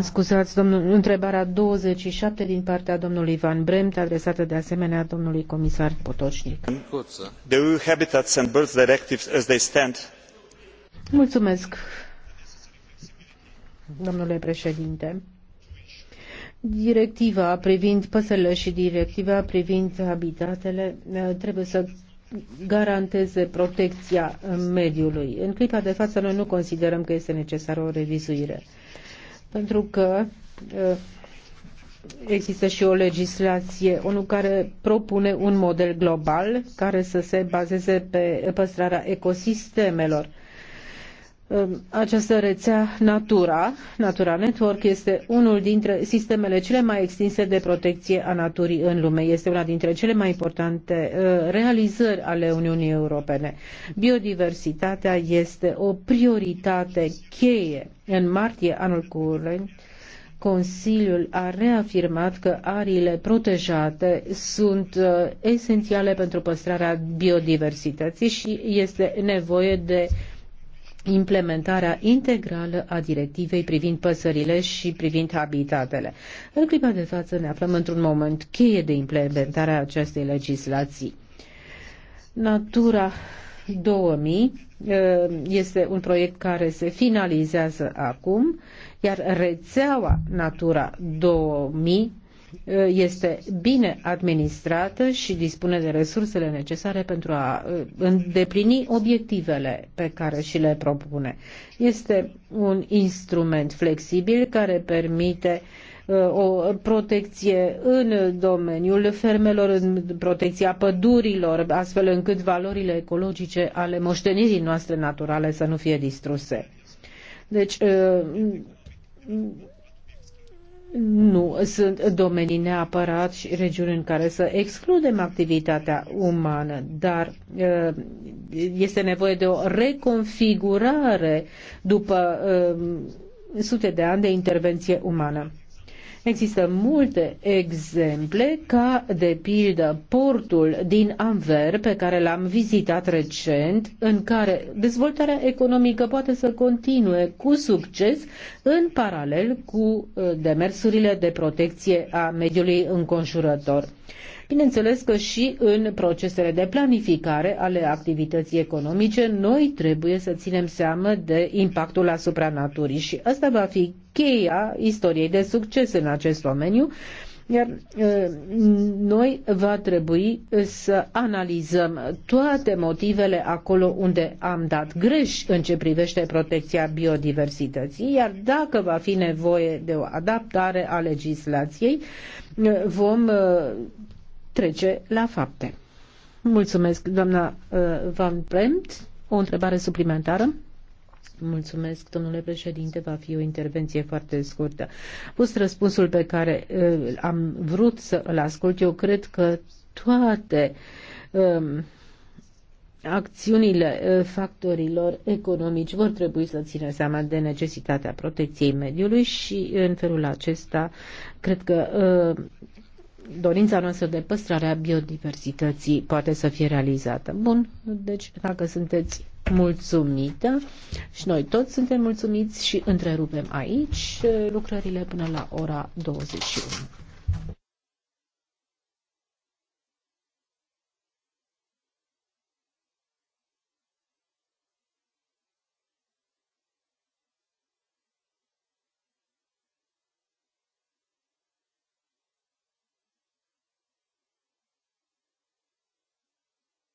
scuzați, domnul, întrebarea 27 din partea domnului Van Bremt, adresată de asemenea domnului comisar Potocnic. Mulțumesc, domnule președinte. Directiva privind păsările și directiva privind habitatele eh, trebuie să garanteze protecția eh, mediului. În clipa de față noi nu considerăm că este necesară o revizuire, pentru că eh, există și o legislație, ONU, care propune un model global care să se bazeze pe păstrarea ecosistemelor această rețea Natura, Natura Network, este unul dintre sistemele cele mai extinse de protecție a naturii în lume. Este una dintre cele mai importante uh, realizări ale Uniunii Europene. Biodiversitatea este o prioritate cheie. În martie anul curent, Consiliul a reafirmat că ariile protejate sunt uh, esențiale pentru păstrarea biodiversității și este nevoie de implementarea integrală a directivei privind păsările și privind habitatele. În clipa de față ne aflăm într-un moment cheie de implementare a acestei legislații. Natura 2000 eh, este un proiect care se finalizează acum, iar rețeaua Natura 2000 Eh, este bine administrată și dispune de resursele necesare pentru a eh, îndeplini obiectivele pe care și le propune. Este un instrument flexibil care permite eh, o protecție în domeniul fermelor, în protecția pădurilor, astfel încât valorile ecologice ale moștenirii noastre naturale să nu fie distruse. Deci, nu sunt domenii neapărat și regiuni în care să excludem activitatea umană, dar uh, este nevoie de o reconfigurare după uh, sute de ani de intervenție umană. Există multe exemple, ca de pildă portul din Anver, pe care l-am vizitat recent, în care dezvoltarea economică poate să continue cu succes în paralel cu uh, demersurile de protecție a mediului înconjurător. Bineînțeles că și în procesele de planificare ale activității economice, noi trebuie să ținem seamă de impactul asupra naturii și asta va fi cheia istoriei de succes în acest domeniu, iar ă, noi va trebui să analizăm toate motivele acolo unde am dat greș în ce privește protecția biodiversității, iar dacă va fi nevoie de o adaptare a legislației, ă, vom ă, trece la fapte. Mulțumesc, doamna uh, Van Bremt. O întrebare suplimentară? Mulțumesc, domnule președinte, va fi o intervenție foarte scurtă. Pus răspunsul pe care uh, am vrut să îl ascult, eu cred că toate um, acțiunile uh, factorilor economici vor trebui să țină seama de necesitatea protecției mediului și în felul acesta cred că uh, dorința noastră de păstrare a biodiversității poate să fie realizată. Bun, deci dacă sunteți mulțumită și noi toți suntem mulțumiți și întrerupem aici lucrările până la ora 21.